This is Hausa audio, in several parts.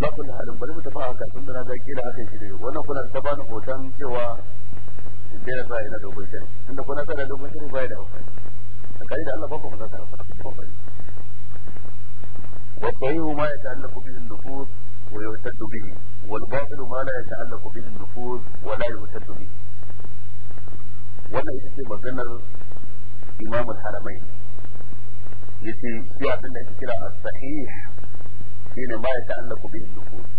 ala kulli halin bari mu tafi haka tun da na ga kira akan shi ne wannan kuna ta bani hoton cewa idan sa ina dogon shirin tunda kuna da dogon shirin ba da amfani tsakani da Allah ba ku mu zata amfani والصحيح ما يتعلق به النفوذ ويعتد به والباطل ku bi يتعلق به النفوذ ولا يعتد dubi wannan ita ce maganar imamul haramai yace shi abin da ake kira as-sahih shine ma ya ta'allaku bihi nufus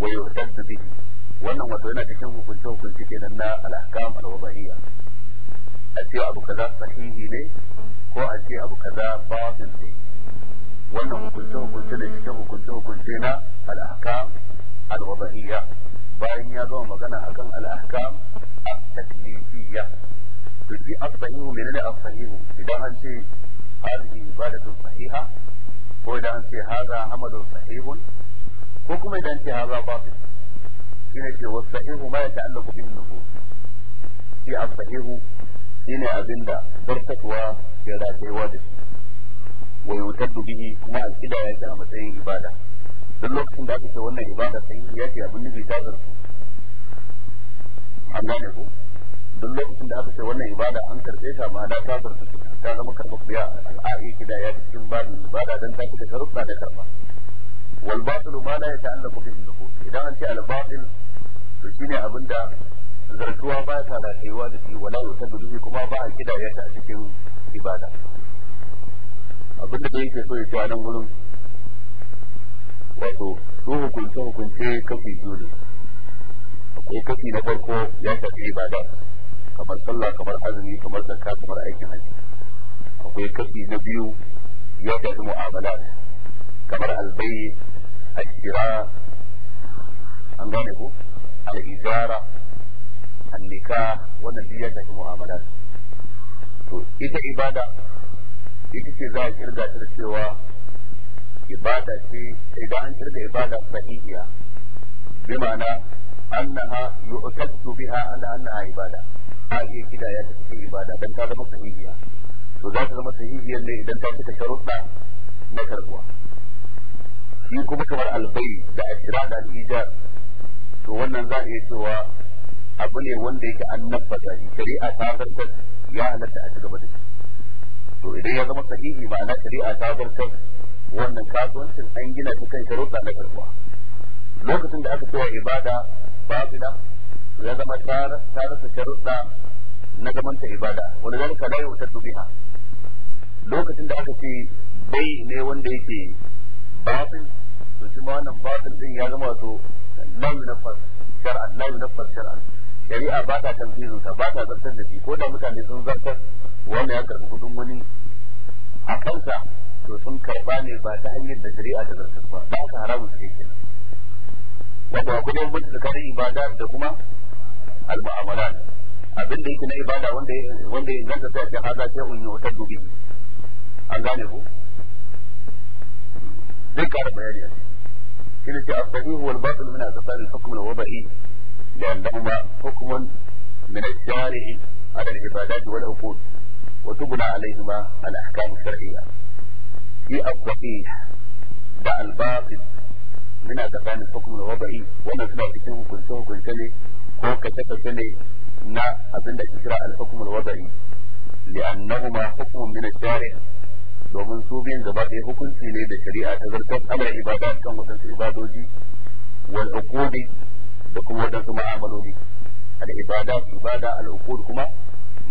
wa yuhtaddu bihi wannan wato yana cikin hukunce hukunci kenan na al-ahkam al-wadhiyya a ce abu kaza sahihi ne ko a ce abu kaza batil ne wannan hukunce hukunce ne cikin hukunce hukunce na al-ahkam al-wadhiyya bayan ya zama magana akan al-ahkam at-taklifiyya to ji as-sahihu menene as-sahihu idan an ce hadhihi ibadatu sahiha ko idan an ce haza amalu sahihun ko kuma idan ce haza batil ne ce wasu sahihu ma yata'allaqu bihi nufu shi a sahihu shine abinda barkatuwa ya rataiwa da shi wa yutaddu bihi kuma a kida ya ta matsayin ibada duk lokacin da aka ce wannan ibada sahihu ya ce abin nufi ta zartu an gane ku duk lokacin da aka ce wannan ibada an karɓe ta ma'ana ta zarta ta zama ya al'a'i kida ya cikin babin ibada don ta da sharuɗa da karɓa wal batilu ma la yata'allaqu bihi al idan an ce al-batil to shine abinda zartuwa ba ta da kaiwa da shi wala da bihi kuma ba a kida ya ta cikin ibada abinda da yake so ya ce a nan gurin wato su hukunce hukunce kafi biyu ne akwai kafi na farko ya tafi ibada kamar sallah kamar azumi kamar zakka kamar aikin hajji akwai kashi na biyu ya shafi mu'amala kamar albai ashira an gane ku? al annika wannan duk ya shafi mu'amala to ita ibada ita ce za a kirga ta cewa ibada ce idan an kirga ibada sahihiya bi ma'ana annaha yu'taqtu biha ala annaha ibada a iya gida ya ta cikin ibada dan ta zama sahihiya to za ta zama sahihiya ne idan ta cika sharuɗa na karbuwa shi kuma kamar albai da ashira da al'ijar to wannan za a iya cewa abu ne wanda yake an nafasa shi shari'a ta zartar ya halatta a cigaba da shi to idan ya zama sahihi ma'ana shari'a ta zartar wannan kasuwancin an gina shi kan sharuɗa na karbuwa lokacin da aka cewa ibada ba da ya zama ta rasa sharuɗa na zamanta ibada wani zan ka layu ta ha lokacin da aka ce bai ne wanda yake batin to shi ma wannan batin din ya zama wato lam nafas shar'an lam nafas shar'an shari'a ba ta tanfizin ta ba ta zartar da shi ko da mutane sun zartar wanda ya karbi kudin wani a kansa to sun karba ne ba ta hanyar da shari'a ta zartar ba ba ta haramun su kenan wato akwai bambanci tsakanin ibada da kuma al-mu'amalat abin da yake na ibada wanda wanda ya zanta sai ya haza sai un yu'tadu dubi an gane ku dai kara bayani a cikin shi as-sahih wal batil min asbab al-hukm al-wada'i لأنهما حكم wa الشارع alayhima al-ahkam al-shar'iyya fi al في da al-batil muna tsakanin hukum da wabai wannan suna cikin hukunce hukunce ne ko kace kace ne na abin da ake kira al-hukm al-wada'i li'annahuma hukumun min al-shari' domin su biyan gaba ɗaya hukunci ne da shari'a ta zartar ala ibada kan wadansu ibadoji wal uqudi da kuma wadansu ma'amaloli al ibada ibada al uqud kuma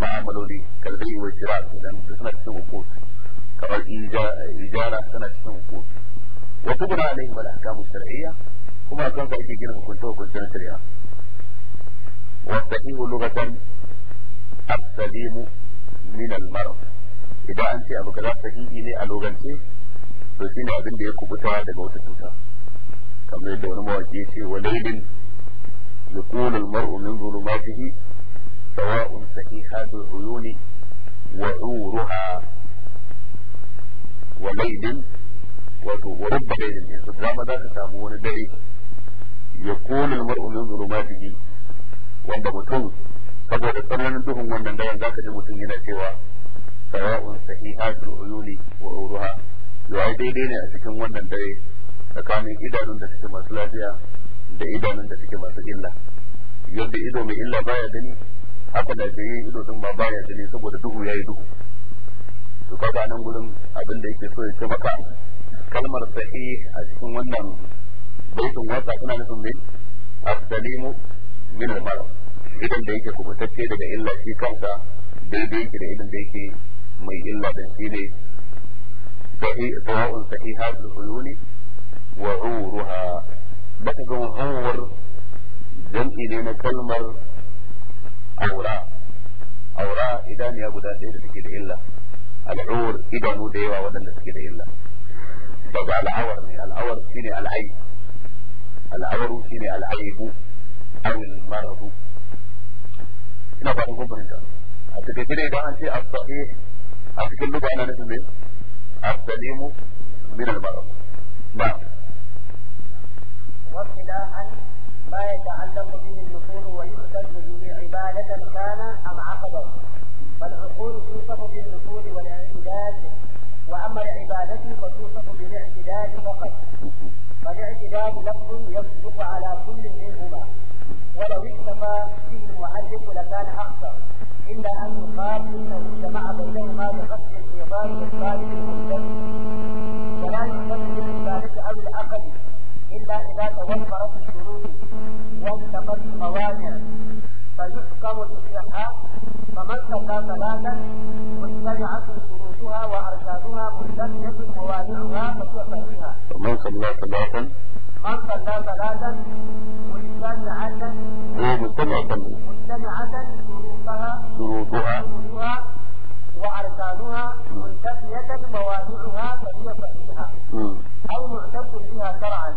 ma'amaloli kalbai wa shira idan suna cikin uqud kamar ijara tana cikin uqud Wasu kubra alaihim al ahkam shar'iyya kuma kan ka ake gina hukunta hukuncin shari'a wa sahihu lughatan as idan an ce abu kaza sahihi ne a lugance to ne abin da ya kubuta daga wata cuta kamar yadda wani mawaki ya ce walailin يكون المرء من ظلماته سواء سحيحات العيون وعورها وليل wato wa rubba laylin yanzu dama za ka samu wani dare ya kone mar'u min zulumatihi wanda mutum saboda tsananin duhun wannan daren za ka ji mutum yana cewa sawa'un sahihatul uyuni wa uruha yayi daidai ne a cikin wannan dare tsakanin idanun da suke masu lafiya da idanun da suke masu illa yadda ido mai illa baya gani haka da jayin ido din ma baya gani saboda duhu ya yi duhu to kaga nan gurin abin da yake so ya ce maka kalmar sahi a cikin wannan baitin wasa tana nufin min as-salimu min al-marad idan da yake kubutacce daga illa shi kansa daidai yake da idan da yake mai illa da shi ne sahi sawa'un sahihatul uyuni wa uruha baka ga hawar jam'i ne na kalmar aura aura idaniya guda ɗaya da take da illa al'ur idanu da yawa waɗanda suke da illa بابا العور العور سيني العيب العور سيني العيب أو المرض إلا بارك الله بريجا حتى تكيني بان في الصحيح حتى كل لغة أنا نسمي إيه؟ السليم من المرض نعم وابتداء ما يتعلق به الدخول ويختم به عبادة كان أم عقبه فالعقول في وأما العبادة فتوصف بالاعتداد فقط فالاعتداد لفظ يصدق على كل منهما ولو اكتفى به المعرف لكان أخطر إلا أن يقال إنه جمع بينهما بقصد الإيضاح والصالح المبتدئ ولا يمتد بالعبادة أو العقد إلا إذا توفرت الشروط وانتقت الموانع فيحكم الإصلاح فمن صلى صلاة مجتمعة شروط وأركانها ملتقية موانعها فكفيها من صلى ثلاثا من صلى ثلاثا مجتمعة مجتمعة مجتمعة شروطها شروطها وأركانها ملتقية موانعها فهي صحيحة أو معتد بها شرعا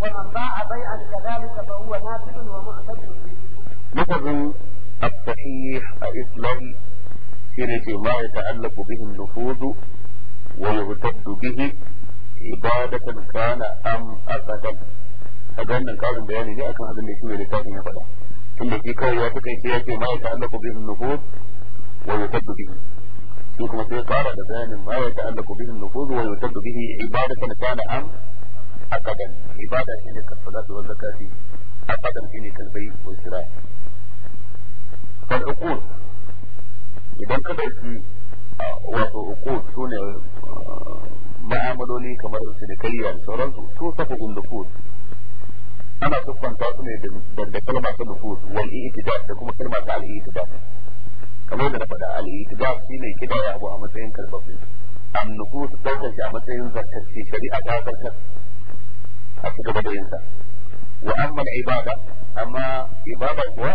ومن باع بيعا كذلك فهو نافذ ومعتد به. مثل الصحيح الإسلامي shine ce ma ya nufuzu wa yuhtaddu bihi ibadatan kana am karin bayani ne akan abin da shi mai littafin ya faɗa tunda shi kawai ya fita sai ya ce ma ya ta'allaku bihin nufuz wa yuhtaddu bihi shi kuma sai fara da bayanin ma ya ta'allaqu bihi nufuz wa yuhtaddu bihi ibadatan kana am aqadan ibada ne kasalatu wal zakati aqadan kalbai wa idan ka ɗauki wato uku su ne ma'amaloli kamar cinikayya da sauransu su safa undukut ana tuffanta su ne da kalma ta nufus wal i'tidal da kuma kalma ta al-i'tidal kamar da na faɗa al-i'tidal shine kidaya abu a matsayin karbabbe an nufus daukar shi a matsayin zartacce shari'a ta zartar a ci gaba da yin sa wa amma al-ibada amma ibada kuwa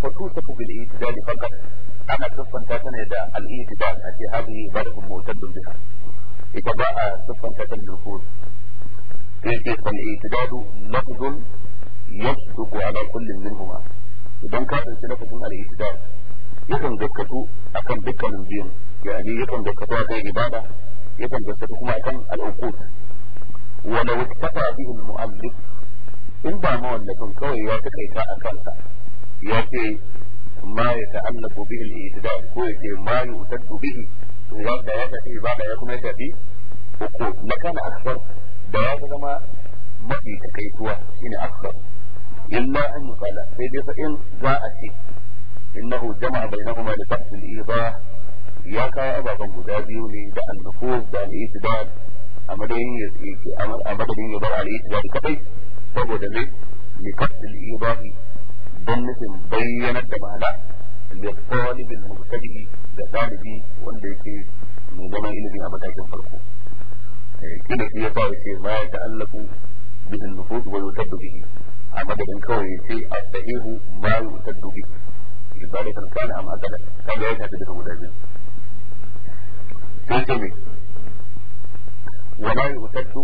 fa tusafu bil i'tidal faqat ana siffanta ta ne da al-i'tibad a ce hadhihi ibadatun mu'taddun biha ita ba a siffanta ta da nufus yake fal i'tibadu lafzun yasduqu ala kullin minhuma idan ka dauki lafzun al-i'tibad yakan gaskatu akan dukkanin biyun yani yakan gaskatu ibada yakan kuma ولو اكتفى به المؤلف in ba mawallafin kawai ya taƙaita a kansa ya ce ما يتعلق به الاعتداء كويتي ما يؤتد به ويبدا يكفي بعد يكون يكفي وقوف مكان اكثر بياض ما ما في تكيتوا شيء اكثر الا ان يقال سيدي فان جاءت انه جمع بينهما لفحص الايضاح ya kawo ababen guda biyu ne da annufus da al'itidal a madadin ya bar al'itidal kadai saboda ne likafin ibahi don nufin bayyanar da ma'ana da talibin mubtadi da talibi wanda yake mai zaman ilimi a matakin farko kila eh, shi yasa yace ma ya ta'allaqu bihin an wa yutaddu bihi a madadin kawai ce a sahihu ma yutaddu bihi لذلك كان أم أكد كان لا يشهد به مدازين تنتمي وما يؤتد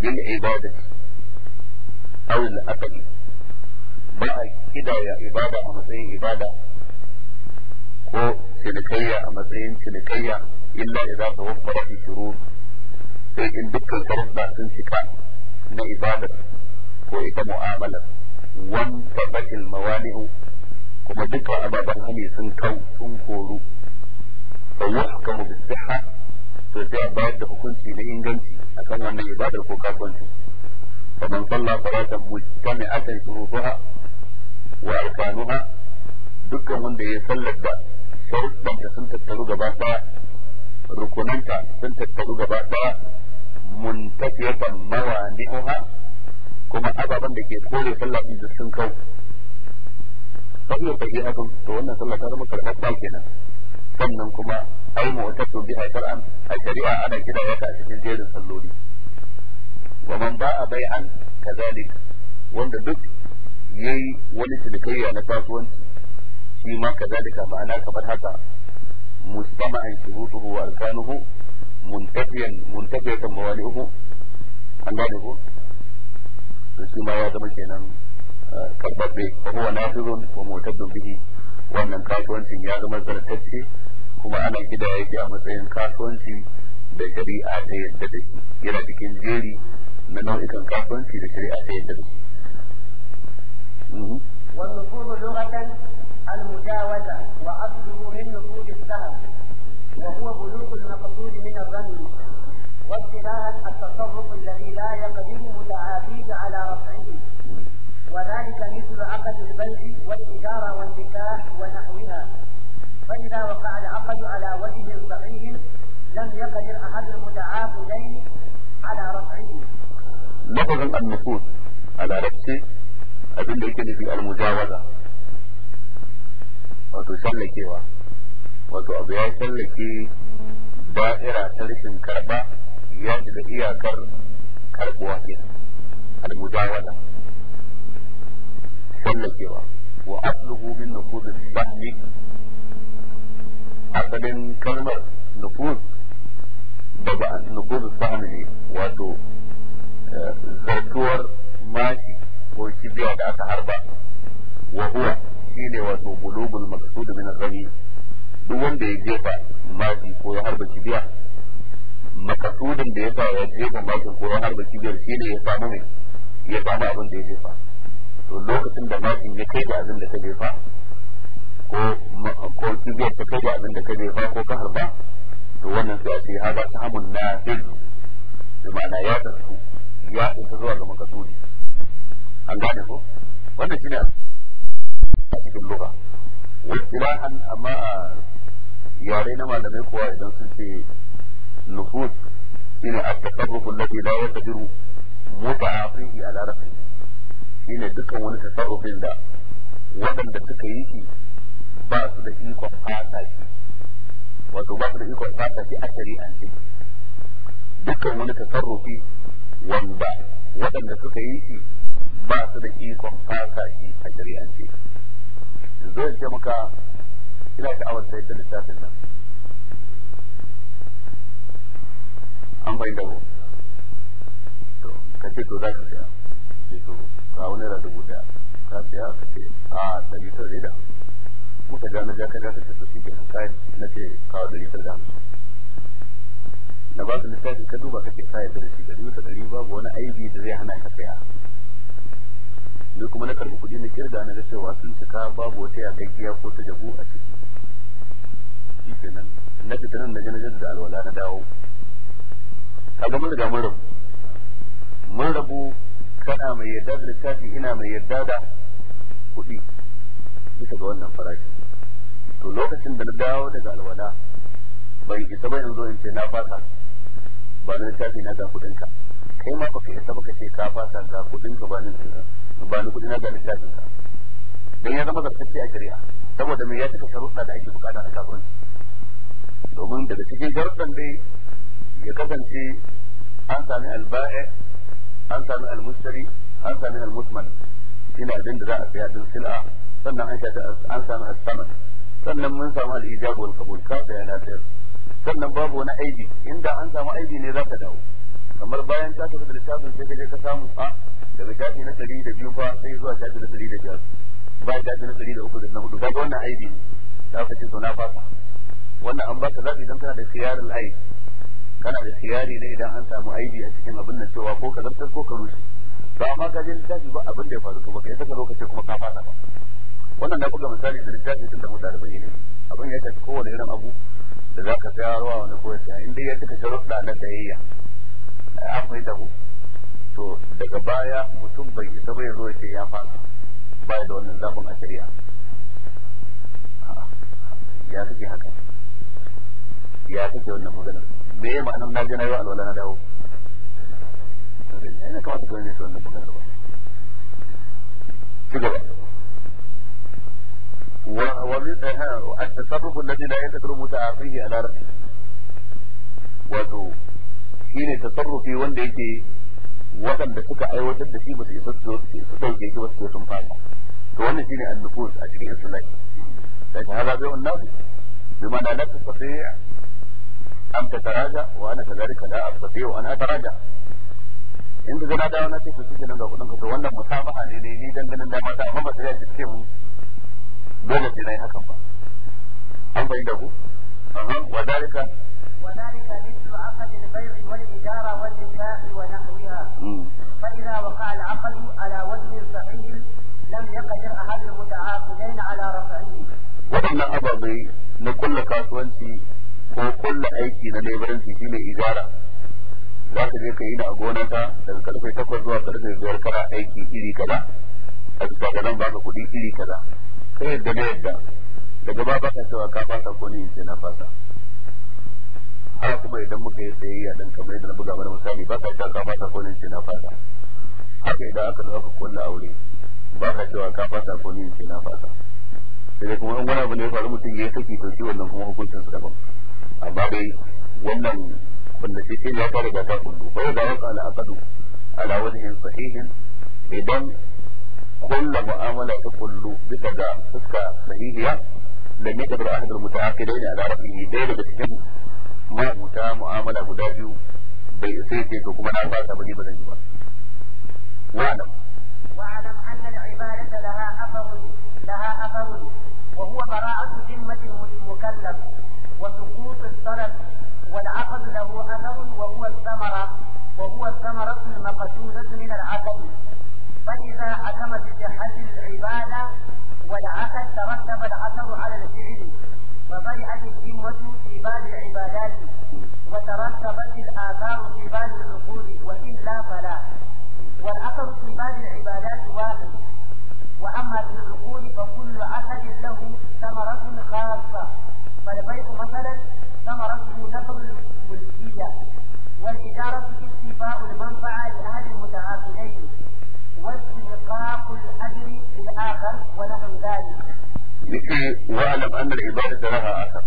بالعبادة أو الأكل ba a kidaya ibada a matsayin ibada ko cinikayya a matsayin cinikayya illa idza tawaffara fi shurut sai in dukkan sharuɗa sun cika na ibadar ko ita mu'amalar wan tabatil mawalihu. kuma dukkan ababen hani sun kau sun koru fa yuhkamu bis sihha to sai a bayar da hukunci na inganci akan wannan ibadar ko kasuwanci فمن صلى صلاة مجتمعة شروطها wa arkanuha dukkan wanda ya sallar da sharuɗanta sun tattaru gaba ɗaya rukunanta sun tattaru gaba ɗaya muntafiyatan mawani'uha kuma ababen da ke kore sallah din sun kau fa'iyar sahihatun to wannan sallah ta zama karɓaɓɓa kenan sannan kuma ai mu'tatu biha shar'an a shari'a ana kira ya a cikin jerin salloli wa man ba ba'a bai'an kazalik wanda duk yayi wani cinikayya na kasuwanci shi ma kazalika ma'ana kamar haka mustama'an shurutuhu wa arkanuhu muntafiyan muntafiyatan uku. an gane ko to shi ma ya zama kenan eh, karbabbe fa huwa nafizun wa mu'taddun bihi wannan kasuwancin ya zama zartacce kuma ana gida yake a matsayin kasuwanci da shari'a ta yadda da shi yana cikin jeri na nau'ikan kasuwanci da shari'a ta yadda da shi والنفوذ لغة المجاوزة وأصله من نفوذ السهم وهو بلوغ المقصود من الرمي وابتداء التصرف الذي لا يقدره تعافيه على رفعه وذلك مثل عقد البيع والإدارة والنكاح ونحوها فإذا وقع العقد على وجه صحيح لم يقدر أحد المتعاقدين على رفعه لفظ النفوذ على رفعه abin da yake nufi almujawaza wato sallakewa wato abu ya sallake da'ira ta rashin karba ya shiga iyakar karbuwa ke almujawaza sallakewa wa asluhu min nufuz sahmi asalin kalmar nufuz daga nufuz sahmi ne wato eh, zartuwar mashi ko kibiya da aka harba wa huwa shine wato bulugul maqsud min duk wanda ya jefa maji ko ya harba kibiya makasudin da ya sa ya jefa ko ya harba kibiyar shine ya samu ne ya samu abin da ya jefa to lokacin da majin ya kai da abin da ka jefa ko ko kibiyar ta kai da abin da ka jefa ko ka harba to wannan sai a ce ba ta hamun na sai bi ma'ana ya tasu ya isa zuwa ga makasudi an gane ko wannan shine a cikin lugha wajilahan amma a yare na malamai kuwa idan sun ce nusus shine at-tasarruf alladhi Mota yaqdiru muta'afihi ala rafi shine dukkan wani tasarrufin da waɗanda suka yi shi ba su da ikon fata shi wato ba su da ikon fata shi a shari'ance dukkan wani tasarrufi wanda waɗanda suka yi shi ba su da ikon fasa shi a shari'ance zai ce maka ina sha'awar sayar da littafin nan an bai da to ka ce to za ka siya ce to ka wani ra dubu daya ka siya ka ce a dari tara da muka ja na ja ka ja ka ce to shi ke kai na ce kawo dari tara da hamsin na ba su littafin ka duba ka ce kayan da shi da dari da dari babu wani aibi da zai hana ka saya ni kuma na karɓi kuɗi na kirga na ga cewa sun cika babu wata yagaggiya ko ta jabu a ciki shi kenan na fita nan na ganin da alwala na dawo kaga mun riga mun rabu mun rabu kana mai yarda da littafi ina mai yarda da kuɗi bisa ga wannan farashi to lokacin da na dawo daga alwala bai isa ba yanzu in ce na fasa ba na littafi na ga ka kai ma baka isa baka ce ka fasa ga kudin ka bani bani na ga littafin ka dan ya zama zartacce a shari'a saboda me ya cika sharuɗa da ake bukata a kafirin domin daga cikin sharuɗan dai ya kasance an sami alba'i an sami almustari an sami almusman ina abin da za a saya din sil'a sannan an shafi an sami al sannan mun samu al-ijab wal qabul ka da na sayar sannan babu wani aibi inda an samu aibi ne za ka dawo kamar bayan ka tafi da littafin sai kaje ka samu a daga shafi na ɗari da biyu fa sai zuwa shafi na ɗari da biyar bayan shafi na ɗari da uku da na hudu kaga wannan aibi ne za ka ce to na fasa wannan an baka zaɓi don kana da siyarin aibi kana da siyari ne idan an samu aibi a cikin abin nan cewa ko ka zartar ko ka rushe ba ma ka je littafi ba abin da ya faru to baka isa ka zo kuma ka fasa ba wannan na buga misali da littafi tun da mutane bai ne abin ya shafi kowane irin abu da za ka sayarwa wani ko ya saya in dai ya cika sharuɗa na sayayya an da to daga baya mutum bai isa bai zo ce ya fasa baya da wannan zafin a shari'a ya suke haka ya suke wannan maganar me ya ma'anar na je wa alwala na dawo ina kamata wani wannan maganar ba ci gaba والتصرف الذي لا متعاطيه على رأسه Shi shine tasarrufi wanda yake waɗanda suka aiwatar da shi ba su isa su dauke shi ba su sun fara to wannan shine annufus a cikin islahi da ta hada bai wannan ma da la tastati am tataraja wa ana kadhalika la astati wa ana ataraja inda gana da wannan take su suke nan ga kudin ka to wannan musabaha ne ne ni danganin da mata amma ba ya yace ce mu dole sai yi hakan ba an bayyana ku wa dalika wa dalika فإذا وقع على صحيح لم يقدر المتعاقدين على رفعه waɗannan ababai na kulla kasuwanci ko kulla aiki na leburanci shine ijara za ka je ka yi da a gonarka daga karfe takwas zuwa karfe biyar kana aiki iri kaza a bisa ga ba ka kuɗi iri kaza kai yadda na yadda daga ba ka cewa ka fasa ko ni in ce na fasa har kuma idan muka yi tsayayya ɗan kamar yadda na buga mana misali ba ka shaka fata ko ne ce na fata haka idan aka zo aka kulla aure ba ka cewa ka fata ne ce na fata sai kuma in wani abu ne ya faru mutum ya saki to shi wannan kuma hukuncin su daban amma dai wannan wanda shi ke ya fara da ta kullu ko da waka ala akadu ala wajhin sahihin idan kullu mu'amala ta kullu bisa ga fuska sahihiya lam yaqdir ahad al muta'aqidain ala rafihi dai daga cikin ma'uta mu'amala guda biyu bai sai ce to kuma na ba ta bane ba zan yi ba wa'alam wa'alam anna al-ibadata laha afarun laha afarun wa huwa bara'atu zimmati mukallaf wa suqut al-talab والعقد له أثر وهو الثمرة وهو الثمرة المقصودة من العقد فإذا عدم في صحة العبادة والعقد ترتب الأثر على الفعل وبدأت الهمة في باب العبادات وترتبت الآثار في باب العقول وإلا فلا والأثر في باب العبادات واحد وأما في العقول فكل أحد له yace wa alam anna al ibadatu laha asar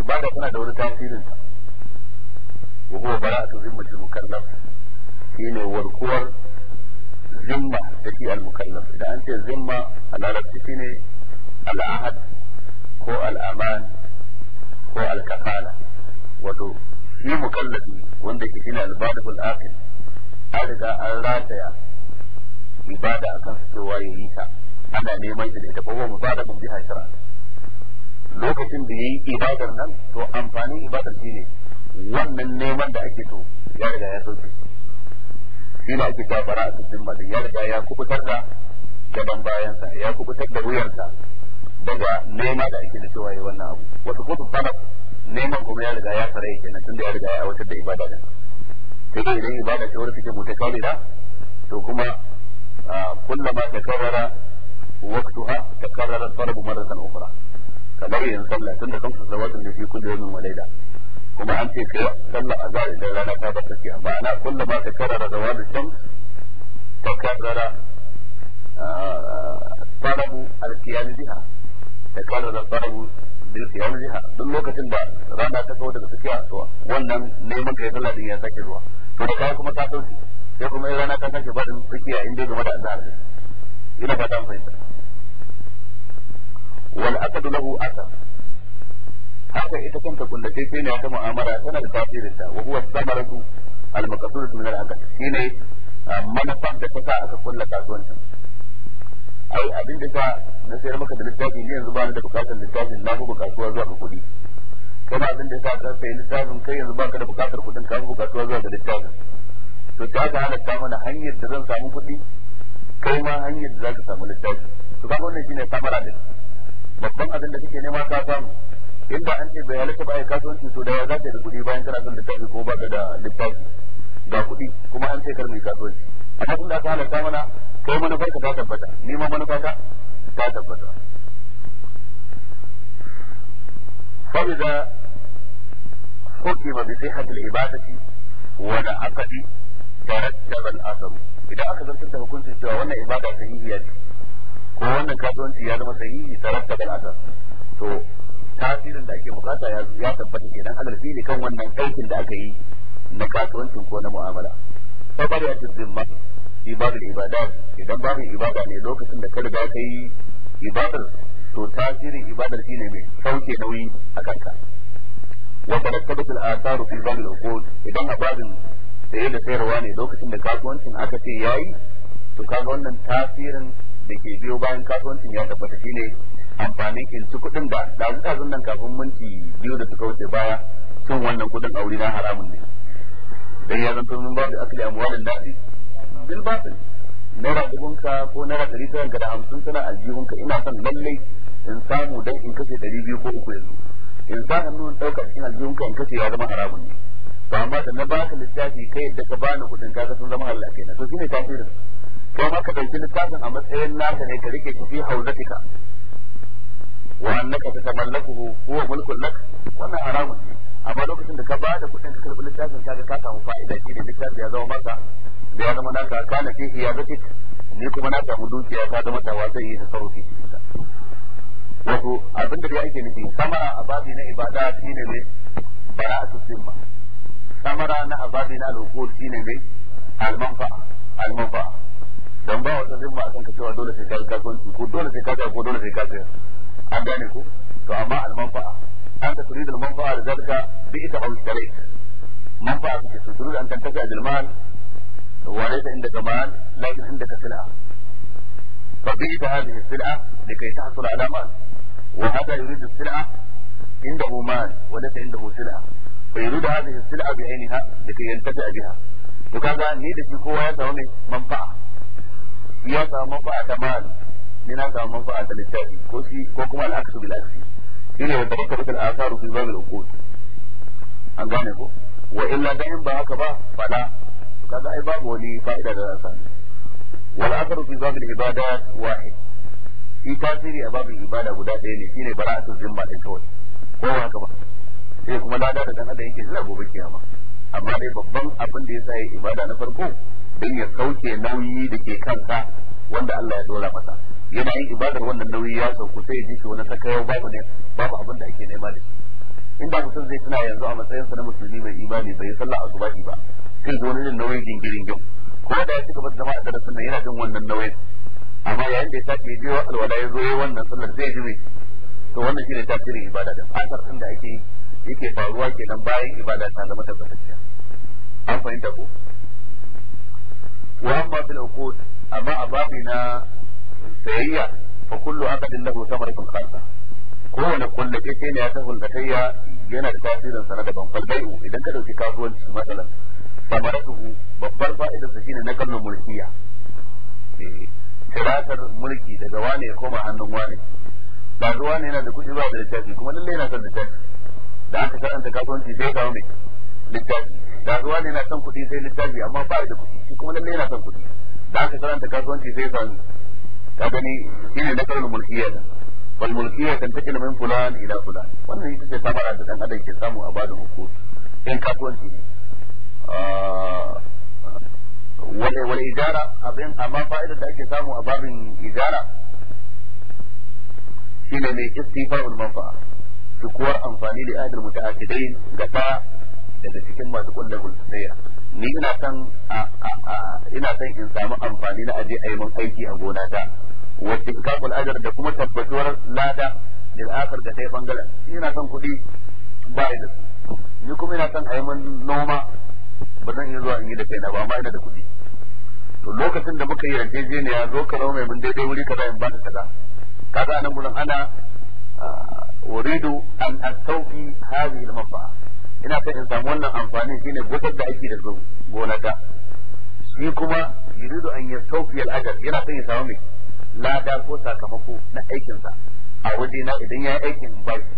ibada tana da wani tasirin ta wa huwa bara'atu zimmati al mukallaf shine warkuwar zimma da shi al mukallaf idan an ce zimma a larabci shine al ahad ko al aman ko al kafala wato shi mukallafi wanda ke shine al baligh al aqil an riga an rataya ibada akan cewa yayi ta ana neman shi da ita kuma mu fara bin biha shara lokacin da yayi ibadar nan to amfanin ibadar shine wannan neman da ake to ya riga ya sauke shi ne ake gabara a cikin madin ya riga ya kubutar da gaban bayansa ya kubutar da wuyarsa daga nema da ake da cewa yi wannan abu wasu kotu salaf neman kuma ya riga ya fara yake nan tunda ya riga ya aiwatar da ibada din sai dai idan ibada ta wurin take da to kuma ah, kullama ta kawara وقتها تكرر الطلب مرة أخرى kamar yin sallah tun da kamsu zawatin da fi kulli yawmin wa laila kuma an ce kai sallah a zai da rana ta bata ce amma ana kullu ba ta karara wani shams ta karara talabu al jiha. ta karara talabu bil jiha. biha duk lokacin da rana ta kawo daga tsakiya to wannan neman kai sallah din ya sake zuwa to da kai kuma ta dauki sai kuma rana ta sake barin tsakiya inda game da azhar ina fata mun fahimta wal aqdu lahu asar haka ita kanta kundace ne ta mu'amala tana da tasirin ta wa huwa samaratu al maqsudatu min al aqd shine manufan da ta sa aka kulla kasuwancin ai abin da ka na sayar maka da littafi ne yanzu ba ni da bukatar littafin na kuma kasuwa zuwa ga kuɗi kuma abin da ka ka sayi littafin kai yanzu ba ka da bukatar kuɗin ka kuma kasuwa zuwa ga littafin to ta ka halatta mana hanyar da zan samu kuɗi kai ma hanyar da zaka samu littafi to kaga wannan shine samara din babban abin da kake nema ka samu inda an ce bai halatta ba ai kasuwanci to da ya zaka da kuɗi bayan kana son littafi ko ba ka da littafi ga kuɗi kuma an ce kar mu kasuwanci amma tun da aka halatta mana kai manufar ka ta tabbata ni ma manufa ta ta tabbata فإذا حكم بصحة العبادة والعقد tarajjar al'asar idan aka zartar da hukuncin cewa wannan ibada ko wannan kasuwanci ya zama sahihi tarajjar al'asar to tasirin da ake bukata ya tabbata kenan alal kan wannan aikin da aka yi na kasuwancin ko na mu'amala fabari a cikin ma ibadar ibada idan babin ibada ne lokacin da ka riga ka yi ibadar to tasirin ibadar shine mai sauke nauyi a kanka wa tarattabat al-atharu fi bab al-uqud idan a saye da sayarwa ne lokacin da kasuwancin aka ce ya yi to kaga wannan tasirin da ke biyo bayan kasuwancin ya tabbata shine amfanin in su kuɗin da dazu dazun nan kafin minti biyu da suka wuce baya sun wannan kuɗin aure na haramun ne dan ya zanto mun babu akali amwalin nasi bil batil naira dubun ka ko naira ɗari tayan ka da hamsin suna aljihun ka ina son lallai in samu dan in kashe ɗari biyu ko uku yanzu in sa hannun ɗauka cikin aljihun ka in kashe ya zama haramun ne to amma da na baka littafi kai yadda ka bani kuɗin kaga sun zama Allah kenan to shine tasirin to amma ka dauki littafin a matsayin naka ne ka rike shi fi hauzatika wa annaka tatamallakuhu huwa mulkun lak wannan haramun ne amma lokacin da ka ba da kuɗin ka karbi littafin kaga ka samu fa'ida shi ne littafi ya zama maka da ya zama naka kana fi ya zatik ni kuma na samu dukiya ka zama ta wata yi ta sarrafi wato abin da ya ake nufi sama a babi na ibada shine ne a zimma samara na ababi na al'ukul shine mai al-manfa'a dan ba wata zimma a ka cewa dole sai ka kasuwanci ko dole sai ka ga ko dole sai ka ga an gane ku to amma al-manfa'a an ta turidu al-manfa'a da zalika bi ita aw sharik manfa'a kake so turidu an tantaka al-mal wa laysa inda mal lakin inda ka sil'a fa bi ita hadhihi sil'a da likai tahsul ala mal wa hada yuridu sil'a indahu mal wa laysa indahu sil'a fa yuridu hadhihi as-sil'a bi ainiha liki yantafi'a biha to kaga ni da shi kowa ya samu mai manfa'a ya samu manfa'a ta mal ni na samu manfa'a da littafi ko shi ko kuma al-aksu bil aksi shine wa tarakkat al-atharu fi bab al-uqud an gane ko wa illa da in ba haka ba fala kaga ai babu wani fa'ida da za samu wal atharu fi bab al-ibadat wahid shi tasiri a babin ibada guda ɗaya ne shine bara'atul zimma din kawai ko haka ba sai kuma lada da dan adam yake zai gobe kiyama amma dai babban abin da yasa yayi ibada na farko dan ya sauke nauyi da ke kansa wanda Allah ya dora masa yana yin ibadar wannan nauyi ya sauku sai ya ji shi wani sakayau babu ne babu abin da ake nema da shi in ba mutum zai tuna yanzu a matsayinsa na musulmi mai imani bai sallah a asubahi ba sai zo wani nauyin jingirin yau ko da ya cika zama a darasin nan yana jin wannan nauyin amma yayin da ya tafi ya je alwala ya zo ya wannan sallar zai ji to wannan shine tafsirin ibada da fatar din da ake yi yake faruwa kenan bayan ibada ta zama tabbatacciya an fahimta ko wa amma fil uqud amma ababi na sayayya fa kullu aqdin lahu thamaratun khalsa kowane kullace ce ne ya ta hulkatayya yana da tasirin sana ban falbai'u idan ka dauki kasuwanci matsalan samaratuhu babbar fa'idarsa shine na kallon mulkiya eh, tiratar mulki daga wane ya koma hannun wane ba ruwa ne yana da kuɗi ba da littafi kuma lallai yana son littafi da aka karanta kasuwanci sai ga mai littafi da ruwa ne na son kuɗi sai littafi amma ba da kuɗi shi kuma lalle yana son kuɗi da aka karanta kasuwanci sai samu ka gani ne na karnu mulkiya da wal mulkiya kan take min fulan ila fulan wannan ita ce tabara da dan adam ke samu a bada hukuku in kasuwanci ne wani ah, wani ijara abin amma fa'idar da ake samu a babin ijara shine ne istifa'ul manfa'a kuwa amfani da adar muta'akkidai gaba daga cikin masu kullu bulsaya ni ina san ina san in samu amfani na aje a yi mun aiki a gona ta wacce kakul ajar da kuma tabbatuwar lada da akar da sai bangaren ina san kuɗi ba da su ni kuma ina san a yi mun noma ba zan iya zuwa in yi da na ba ma ina da kuɗi to lokacin da muka yi yarjejeniya zo ka zo mai mun daidai wuri kaza in ba ta kaza kaga anan gurin ana uridu an astawfi hadhihi al-manfa'a ina son in samu wannan amfani shine gudar da ake da gonata shi kuma yuridu an yastawfi al-ajr yana son ya samu mai lada ko sakamako na aikinsa a waje na idan ya yi aikin baki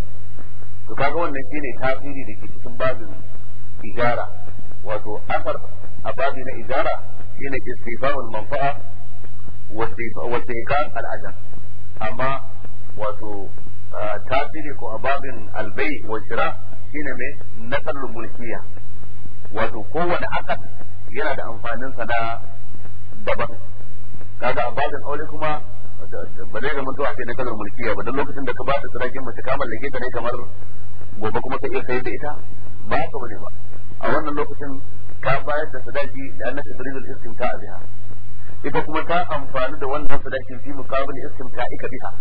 to kaga wannan shine tasiri da ke cikin babin ijara wato asar a babi na ijara shine istifa'ul manfa'a wa istiqam al-ajr amma wato tasiri ko a babin albai wa shira shine mai nakallu mulkiya wato kowane akad yana da amfanin sa na daban kaga a babin aure kuma ba zai zama zuwa sai na kalar mulkiya ba don lokacin da ka ba da sadakin mace ka mallake ta ne kamar gobe kuma ka iya sayar da ita ba ka bane ba a wannan lokacin ka bayar da sadaki da annaka dalilul istimta biha ita kuma ta amfani da wannan sadakin fi muqabil istimta ika biha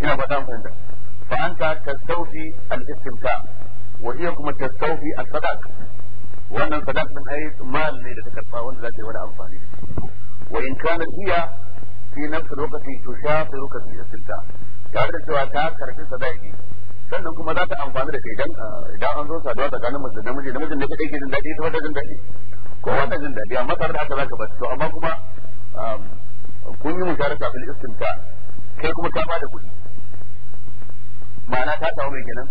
ina fata mun fahimta fa anta tastawfi al-istimta wa hiya kuma tastawfi as-sadaq wannan sadaq din ai mal ne da ta karfa wanda za ta yi wani amfani wa in kana hiya fi nafsi lokaci tushafiruka fi istimta tare da cewa ta karfi sadaqi sannan kuma za ta amfani da kai ah, idan an zo saduwa tsakanin mace da namiji namijin da kadai ke jin daɗi ita wata jin daɗi ko wanda jin daɗi amma tare da haka za ka bar. to amma kuma ah, kun yi musharaka kafin istimta kai kuma ka bada kuɗi ma'ana ta samu mai kenan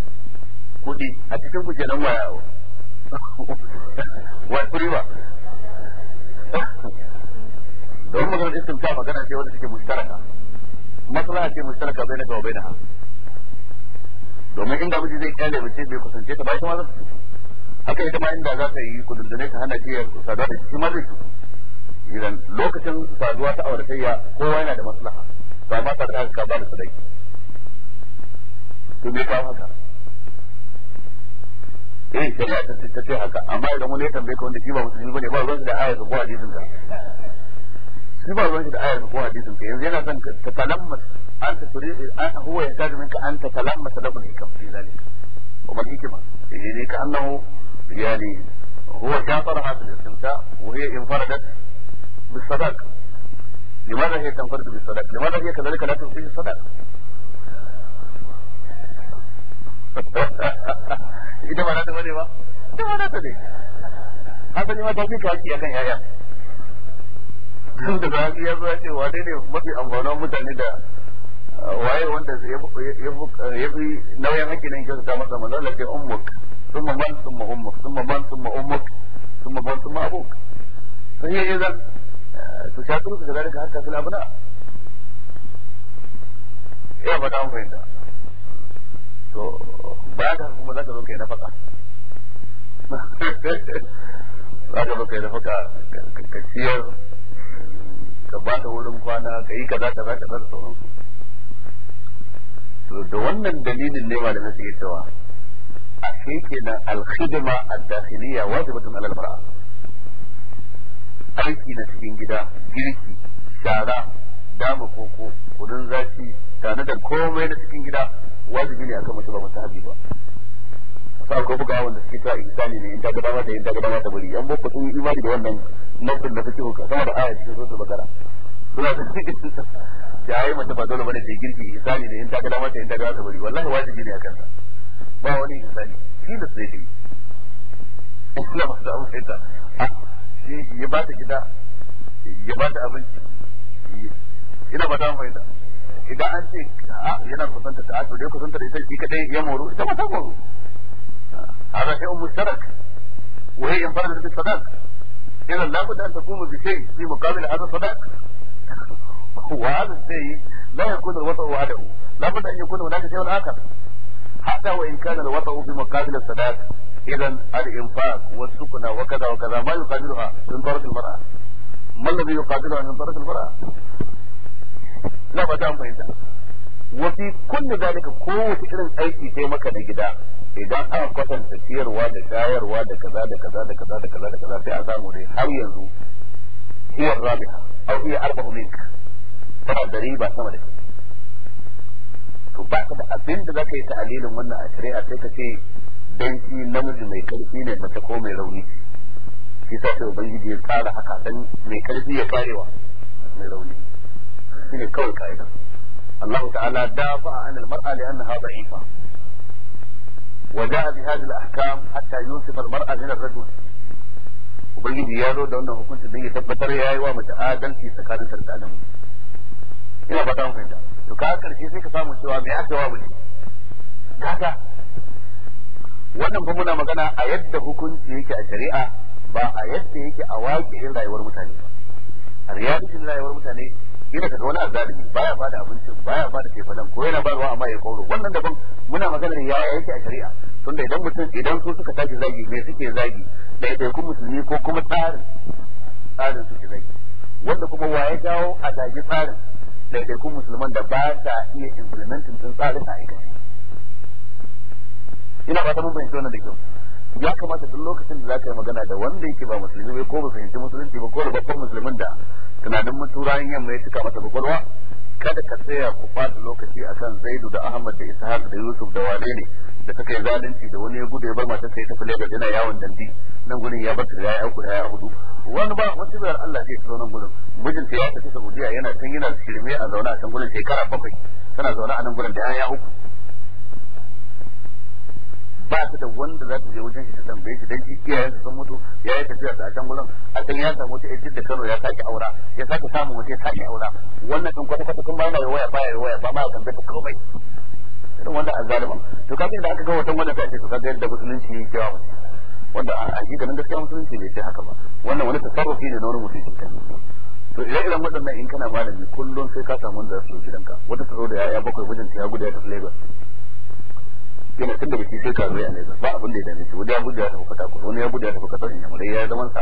kuɗi a cikin ku waya wa wa riba don maganar ta magana ce wanda suke mushtaraka maslaha ce mushtaraka bai na gawa bai na ha domin inda miji zai kyale mace bai kusance ta ba ita ma za ta haka ita ma inda za ta yi kudurdune ta hana ce saduwa da shi ma zai idan lokacin saduwa ta auratayya kowa yana da maslaha ba ma ta haka ka ba da sadaki to bai kawo haka eh shari'a ta ta ce haka amma idan wani ya tambaye ka wanda shi ba musulmi bane ba ruwan da ayar ko hadisin ka shi ba ruwan da ayar ko hadisin ka yanzu yana son ka talammas an ta turi an huwa ya taji minka an ta talammas da kun hikam fi zalika wa man hikma yani ka annahu yani هو كافر هذا الاستمتاع وهي انفردت بالصداقه لماذا هي تنفرد بالصلاة لماذا هي كذلك لا تنفرد الصلاة إذا ما نتبه ما إذا ما نتبه هذا لما تنفيك هكي أكن يا يا tun da zafi ya zuwa ce wane ne mafi amfanin mutane da waye wanda ya fi nauyin hakki nan kyautu ta masa manzala ce ummuk sun man sun ma ummuk sun man sun ma ummuk sun man sun ma abuk sun yi zan تشاكلوا ka حتى في الأبناء يا فتاهم فإنت to ba haka kuma zaka zo kai na faka zaka zo kai na faka ka ciyar ka ba ta wurin kwana ka yi kaza kaza ka da sauransu to da wannan dalilin ne ba da nake cewa a shi kenan alkhidma al dakhiliya wajibatun alal mar'a aiki na cikin gida girki shara dama koko kudin zafi tare da komai na cikin gida wajibi ne akan mutu ba mata habi ba sa ko buga wanda suke ta isani ne in ta gaba da in ta gaba ta bari an boko sun imani da wannan nafsin da take ka sama da aya cikin sura bakara suna da cikin ya yi mata ba dole bane sai girki isani ne in ta gaba ta in ta gaba ta bari wallahi wajibi ne akan ta ba wani isani shi da sai dai Islam da amfita ya ba ta gida ya ba ta abinci ina ba ta da idan an ce yana kusanta ta ato dai kusanta da ita shi kadai ya moru ita ba ta moru hada sai ummu sharak wa hiya fara bi sadaq idan la budda an takumu bi shay fi muqabil hada sadaq wa hada shay la yakunu al-wata'u wahdahu la budda an yakuna hunaka shay'un akhar حتى وإن كان الوطأ في مقابل الصلاة إذا الإنفاق والسكنى وكذا وكذا ما يقابلها من طرف المرأة ما الذي يقابلها من طرف المرأة؟ لا بدأ فإنسان وفي كل ذلك قوة إذن أي شيء في مكان جدا idan aka kwatanta ciyarwa da shayarwa da kaza da kaza da kaza da kaza da kaza sai a samu dai har yanzu hiyar rabiha au hiya arba'u minka tana da riba sama da kai to ba ka da abin da zaka yi ta'alilin wannan a shari'a sai ka ce dan shi namiji mai karfi ne mace ko mai rauni shi sa sai ubangiji ya tsara haka dan mai karfi ya karewa mai rauni shi ne kawai ka'ida Allah ta'ala dafa an al-mar'a li annaha da'ifa وجاء بهذه الاحكام حتى يوصف المراه من الرجل ubangiji ya zo da wannan hukunci don ya tabbatar ya yi wa mace adalci tsakanin sarki da ina fata mun fahimta to ka karshe sai ka samu cewa mai aka wa mutum kaga wannan ba muna magana a yadda hukunci yake a shari'a ba a yadda yake a waƙi'in rayuwar mutane ba a riyaditin rayuwar mutane ina ka wani azalimi baya bada abincin baya bada tefalan ko yana bayarwa amma ya kauro wannan daban muna maganar yaya yake a shari'a tunda idan mutum idan su suka tashi zagi me suke zagi ɗaiɗaikun musulmi ko kuma tsarin tsarin suke zagi wanda kuma waye jawo a zagi tsarin ɗaiɗaikun musulman da ba sa iya implementing din tsarin a aikace ina ba ta mun fahimci wannan da kyau ya kamata duk lokacin da za ka yi magana da wanda yake ba musulmi bai ko ba fahimci musulunci ba ko da babban musulmin da tunanin muturan yamma ya cika mata kwakwalwa kada ka tsaya ku bata lokaci akan zaidu da ahmad da ishaq da yusuf da wane ne da suka yi zalunci da wani ya gudu ya bar matar sai ta fule da yana yawon dandi nan gurin ya bar da ya uku da ya hudu wani ba wasu bayar Allah zai tsaro nan gurin mijin ta ya tafi Saudiya yana tun yana shirme a zauna a can gurin shekara bakwai tana zauna a nan gurin da ya uku ba su da wanda za su je wajen shi ta tambaye shi dan shi iyayen su sun mutu ya yi tafiya a can gurin a can ya samu wata ƴar da Kano ya sake aura ya sake samun wata ya sake aura wannan din kwata kwata kun ba yana waya baya ya waya ba ma tambaye ta komai irin wanda an zalima to kafin da aka ga wata wanda ta ce to kaga yadda musulunci ya yake kyawa wanda a ganin gaskiya musulunci bai sai haka ba wannan wani tasarrufi ne na wani mutum shi to idan irin waɗannan in kana malami kullum sai ka samu wanda za su gidanka wata ta zo da ya'ya bakwai mijinta ya gudu ya tafi Lagos yana tunda baki sai ka zai a nesa ba abin da ya dame shi wani ya bude ya tafi fata wani ya bude ya tafi kasar inyamurai ya zaman sa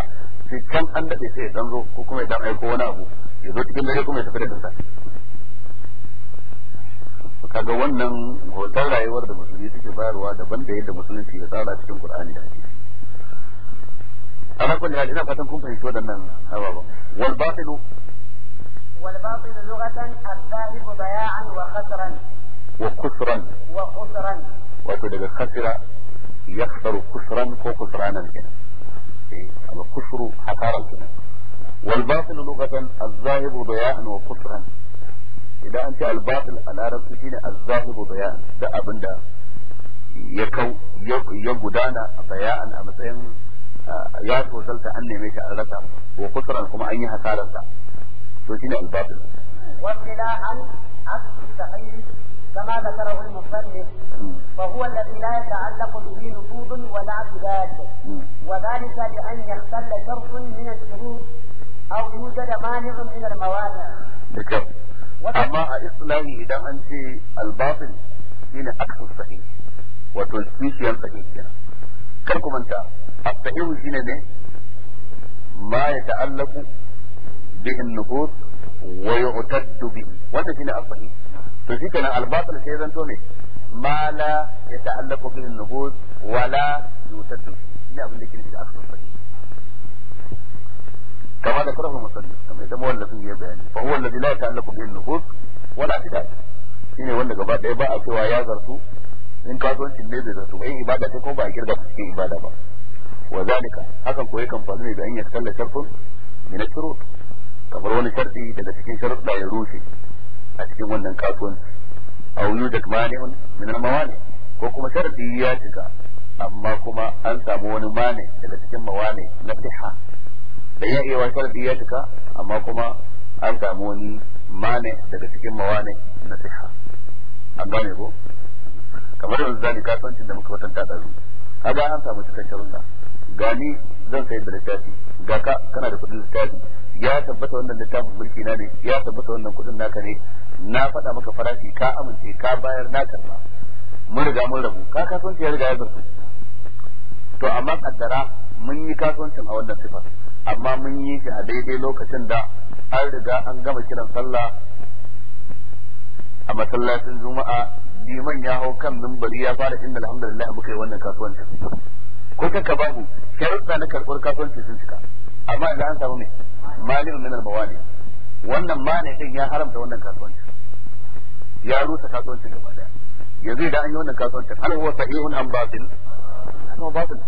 sai can an daɗe sai ya dan zo ko kuma ya dan aiko wani abu ya zo cikin dare kuma ya tafi da Ka kaga wannan hotar rayuwar da musulmi suke bayarwa daban da yadda musulunci ya tsara cikin qur'ani da hadisi ana kulli hal ina fatan kun fahimci wadannan ababan wal batilu wal batilu lughatan bay'an wa khasran wa khusran wa khusran wato daga khasira yakhsaru kusran ko kusranan kenan al kusru hasaran kenan wal batil lughatan al zahib baya'an wa kusran idan an ce al batil a larabci shine al zahib baya'an da abinda ya kau ya gudana a baya'an a matsayin ya tozalta an neme shi an rasa wa kusran kuma an yi hasararsa to shine al batil wa bila an an tahayyul كما ذكره المصنف فهو الذي لا يتعلق به نفوذ ولا اعتداد وذلك بأن يختل شرط من الشروط أو يوجد مانع من الموانع amma a islami idan an ce albafin shine aksu wato kishiyar sahih kenan kar ku manta as-sahih shine ne ma ya ta'allaqu wanda shine to shi kenan albatul sai zanto ne ma la ya ta'allaqu yutaddu shi abin da aka kama da kurafin mawallafin ya bayani fa huwa alladhi la ta'allaqu shine wanda gaba ba a cewa ya zartu in kasuwancin ne bai zartu ba in ibada ce ko ba a kirga cikin ibada ba wa zalika hakan ko yakan faru ne da an yaskalla shartun min kamar wani sharti daga cikin sharuɗa ya rushe a cikin wannan kasuwanci a wuyu da mani'un min al-mawani ko kuma sharadi ya cika amma kuma an samu wani mani daga cikin mawani na siha da ya iya wasu sharadi ya cika amma kuma an samu wani mani daga cikin mawani na siha an gane ko kamar yanzu zani kasuwancin da muka watan ta ɗazu kaga an samu cikin sharuɗa gani zan sayar da littafi ga ka kana da kudin littafi ya tabbata wannan littafin mulki na ne ya tabbata wannan kudin naka ne na faɗa maka farashi ka amince ka bayar na karba mun riga mun rabu ka kasuwanci ya riga ya zartu to amma kaddara mun yi kasuwancin a wannan sifa amma mun yi shi a daidai lokacin da an riga an gama kiran sallah a masallacin juma'a liman ya hau kan mimbari ya fara inda alhamdulillah muka yi wannan kasuwancin ko ka babu sharuɗa na karɓar kasuwanci sun cika amma idan an samu mai mali min al mawali wannan mali din ya haramta wannan kasuwanci ya rusa kasuwanci gaba daya yanzu idan an yi wannan kasuwanci hal huwa sahihun an batil kuma batil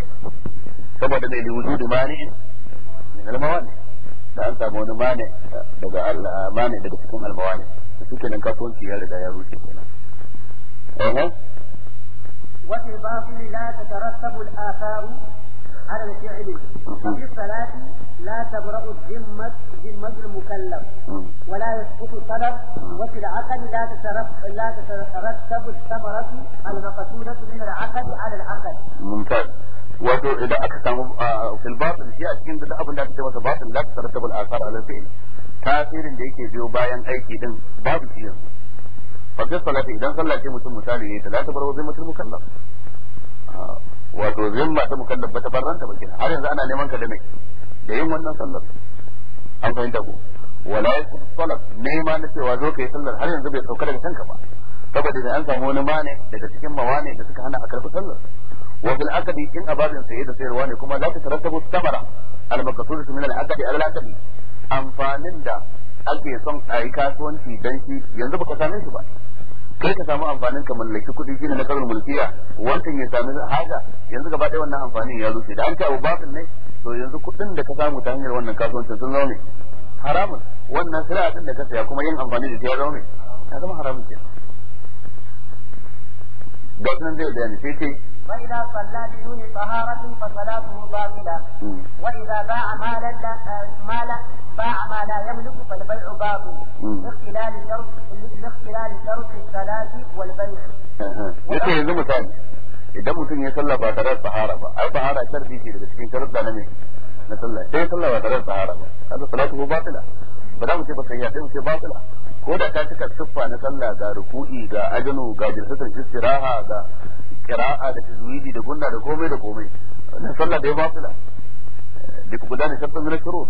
saboda mai liwujudu mali min al mawali da an samu wani mani daga Allah mani daga cikin al mawani to shi kenan kasuwanci ya riga ya rushe kenan وفي الباطل لا تترتب الآثار على الفعل وفي الصلاة لا تبرأ الذمة ذمة المكلف ولا يسقط الطلب وفي العقد لا تترتب لا تترتب الثمرة المقصودة من العقد على العقد. ممتاز. wato idan aka samu fil batil shi a cikin duk abin da aka ce masa batil la tatarattabu al-athar ala al-fi'l tasirin da yake biyo bayan aiki din babu shi yanzu fa fi salati idan sallah ce mutum misali ne ta za ta bar wa zimmatul mukallaf ah, wato zimma ta mukallaf ba ta barranta ba kenan har yanzu ana neman ka da mai da yin wannan sallar an fahimta ku wala yasu salat nema na cewa zo kai sallar har yanzu bai sauka daga kanka ba saboda da an samu wani mane daga cikin mawane da suka hana a karɓi sallar wa bil aqdi in ababin saye da sayarwa ne kuma la tatarattabu thamara al maqsud min al aqdi al aqdi amfanin da ake son a yi kasuwanci don shi yanzu baka same shi ba kai ka samu amfanin ka mallaki kuɗi shine na karin mulkiya wancan ya sami haja yanzu gaba ɗaya wannan amfanin ya rushe da an ce abu basin ne to yanzu kuɗin da ka samu ta hanyar wannan kasuwancin sun zaune. haramun wannan sira din da ka saya kuma yin amfani da shi ya zaune ya zama haramun ke da sunan zai bayani sai ce فإذا صلى بدون طهارة فصلاته باطلة وإذا باع ما لا ما باع ما لا يملك فالبيع باطل لاختلال شرط لاختلال شرط الصلاة والبيع. idan mutum ya sallah ba tare da sahara ba ai sahara sharfi ce daga cikin sharuɗa na ne na sallah sai sallah ba tare da sahara ba kaga salatu batila ba za mu ce bakariya sai mu ce batila ko da ta cika siffa na sallah ga ruku'i ga ajanu ga jirsatul istiraha ga qira'a da tajwidi da gunna da komai da komai na sallah da batila eh, da ku gudana shartan min shurur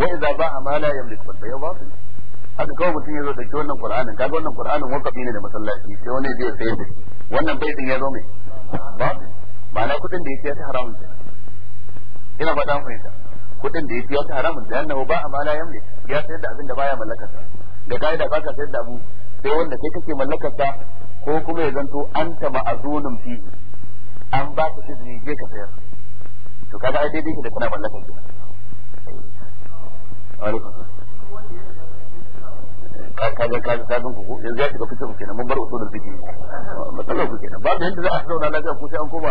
wa idza ba ma la yamliku fa ya batil haka kawai mutum ya zo dauki wannan qur'anin kaga wannan qur'anin wakafi ne da masallaci sai wani zai sayar da shi wannan baitin ya zo mai batil ma'ana kudin da yake ya ta haramun ina ba dan fahimta kuɗin da ya biya ta haramun da annahu ba amala ya sayar da abin da baya mallakar sa da kaida ba ka sayar da abu sai wanda kai kake mallakar sa ko kuma ya zanto an anta ma'azunun fihi an ba ka izini je ka sayar to kaga ai daidai da kana mallakar sa kaga ka ji sabon ku yanzu ya shiga fitar kenan mun bar da fiqh matsalar ku kenan babu yanda za a zauna lafiya ko sai an koma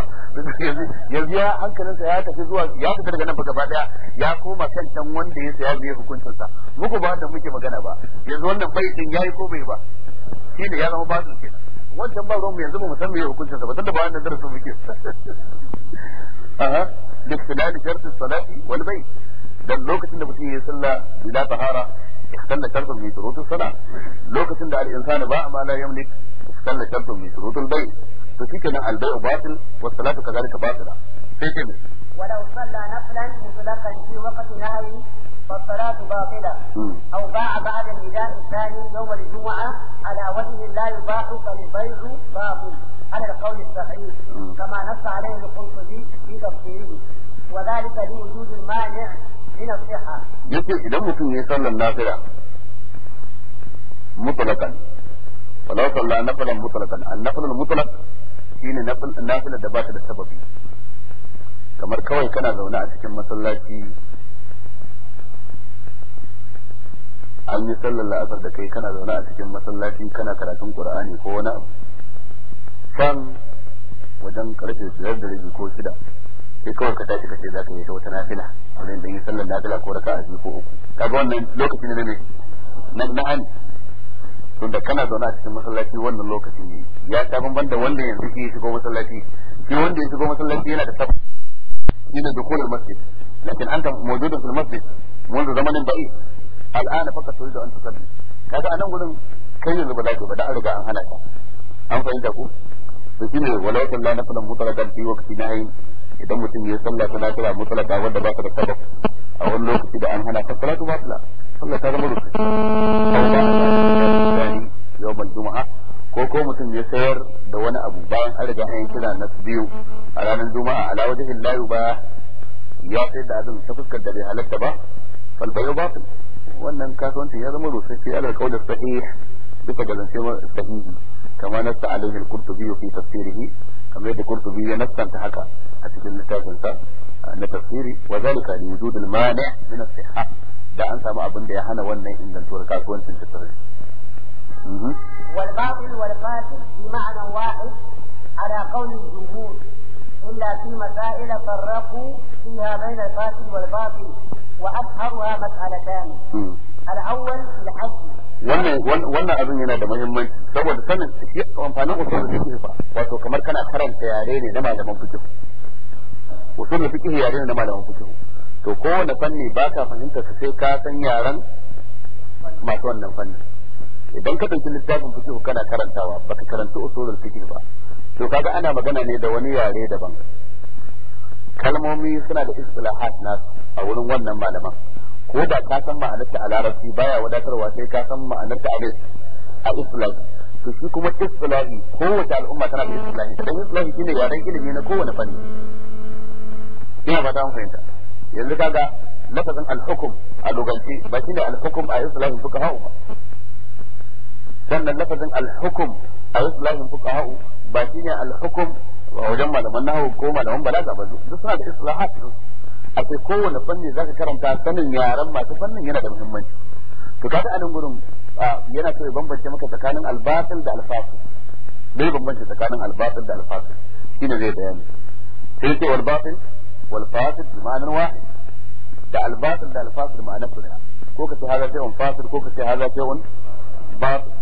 yanzu ya hankalin sa ya tafi zuwa ya fita daga nan gaba daya ya koma kan can wanda ya saya biye hukuncin sa muku ba da muke magana ba yanzu wannan bai din yayi ko bai ba shi ne ya zama basu kenan wancan ba ruwan yanzu ba mu san me hukuncin sa ba tunda ba wannan darasin muke aha da salati shartu salati wal bai dan lokacin da mutum ya yi sallah bila tahara istalla shartun min shurutus sana lokacin da al-insanu ba ma la yamlik istalla shartun min shurutul bay to shi kenan al-bay'u batil wa salatu kadhalika batila sai ce ne walau salla naflan mutlaqan fi waqti nahyi فالصلاة باطلة أو باع بعد النداء الثاني يوم الجمعة على وجه لا يباح فالبيع باطل على القول الصحيح كما نص عليه القرطبي في تفسيره وذلك لوجود المانع yace idan mutum ya sallan nafila mutlaqan wala salla nafilan mutlaqan an-nafil shi ne nafila da ba ta da sababi kamar kawai kana zaune a cikin masallaci an yi sallar la'asar da kai kana zaune a cikin masallaci kana karatun qur'ani ko wani abu can wajen karfe biyar da rabi ko shida sai kawai ka tashi ka ce za ka yi ta wata nafila wurin da yi sallar nafila ko raka a biyu ko uku kaga wannan lokaci ne ne na na'an tun da kana zaune a cikin masallaci wannan lokaci ne ya ta bamban da wanda yanzu ke shigo masallaci shi wanda ya shigo masallaci yana da sabon yana da kulul masjid lakin anta mawjudun fil masjid منذ زمن بعيد الآن فقط تريد أن تصلي kaga anan gurin kai yanzu ba za ka ba da an riga an hana ka an fahimta ku to shine walau kullu nafalan mutlaqan fi waqti nahi idan mutum ya sallah ta nafila mutlaka wanda ba ta da sabab a wani lokaci da an hana ta salatu batila sallah ta zama rufi yau mai juma'a ko ko mutum ya sayar da wani abu bayan an riga an kira na biyu a ranar juma'a ala wajhin la ba ya sayar da abin ta fuskar da bai halatta ba fal ba batil wannan kasuwancin ya zama rufi sai ala kaula sahih bisa ga zance sahihi kama nasta alaihi al-qurtubi fi tafsirihi كما يذكر في نفس انتحكا حتى المتاجر لتفسيري آه، وذلك لوجود المانع من الصحة دا أنت ما أبن دي أحنا وانا إنجا نتورك أكون سنتفرين والباطل والباطل بمعنى واحد على قول الجمهور إلا في مسائل فرقوا فيها بين الفاسد والباطل وأظهرها مسألتان الأول الحجم wannan wannan abin yana da mahimmanci saboda sanin amfanin usul fiqh fa wato kamar kana karanta yare ne na malaman fiqh usul fiqh yare ne na malaman fiqh to kowane fanni ba ka fahimta ka sai ka san yaren masu wannan fannin idan ka ɗauki littafin fiqh kana karantawa baka karanta da fiqh ba to kaga ana magana ne da wani yare daban kalmomi suna da istilahat nasu a wurin wannan malaman ko da ka san ma'anarta a larabci baya wadatarwa sai ka san ma'anarta a a islam to shi kuma islahi kowace al'umma tana da islahi dan islahi shine yaren ilimi na kowane fanni ina fata mun fahimta yanzu kaga lafazin al-hukm a luganci ba shine al-hukm a islahin fuqaha ba sannan lafazin al-hukm a fuka fuqaha ba shine al-hukm a wajen malaman nahwu ko malaman balaga ba duk suna da islahat Akwai ce kowane fanni zaka karanta sanin yaran masu fannin yana da muhimmanci to kaga anan gurin yana so ya bambance maka tsakanin albatil da alfasil bai bambance tsakanin albatil da alfasil shine zai bayani sai ce wal batil wal fasil bi ma'anar wahid da albatil da alfasil ma'anar su ko ka ce haza sai on fasil ko ka ce haza sai on batil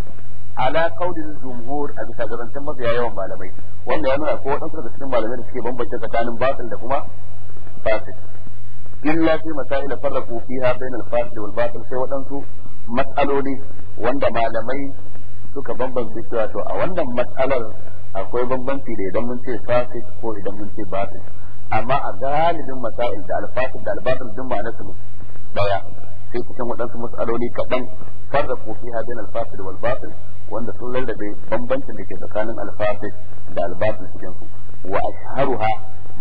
ala kaulin jumhur a bisa garancin mafiya yawan malamai wanda ya nuna ko wadansu daga cikin malamai da suke bambance tsakanin batil da kuma fasil illa fi masail farraqu fiha bain al-fasid wal batil sai waɗansu matsaloli wanda malamai suka bambance cewa to a wannan matsalar akwai bambanci da idan mun ce fasid ko idan mun ce batil amma a galibin masail da al-fasid da al-batil din ma na su daya sai cikin waɗansu matsaloli kaɗan farraqu fiha bain al-fasid wal batil wanda sun lallabe bambancin da ke tsakanin al-fasid da al-batil cikin su wa ashharuha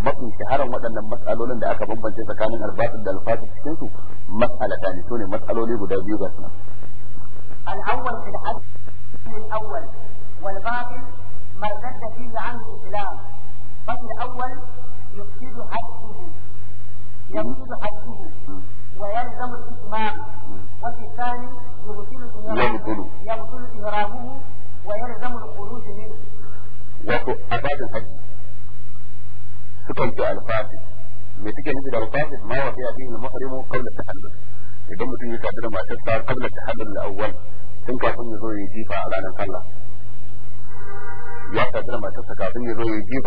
mafi shaharan waɗannan matsalolin da aka bambance tsakanin albatin da alfatu cikin su mas'ala ta ne sune matsaloli guda biyu ga suna al-awwal fil hajj al-awwal wal batil ma zadda fi an islam fa al-awwal wa yalzamu al يفسد wa يفسد thani ويلزم الاتمام وفي ihramuhu wa yalzamu al-khuruj minhu wa وفي أبعد الحج سكن بالفاسد متجه الى الفاسد ما وقع فيه المحرم قبل التحلل يضم في كذا ما تستار قبل التحلل الاول ثم كان يزوي يجيب على ان صلى يقصد لما تفسك عبين يزوي يجيب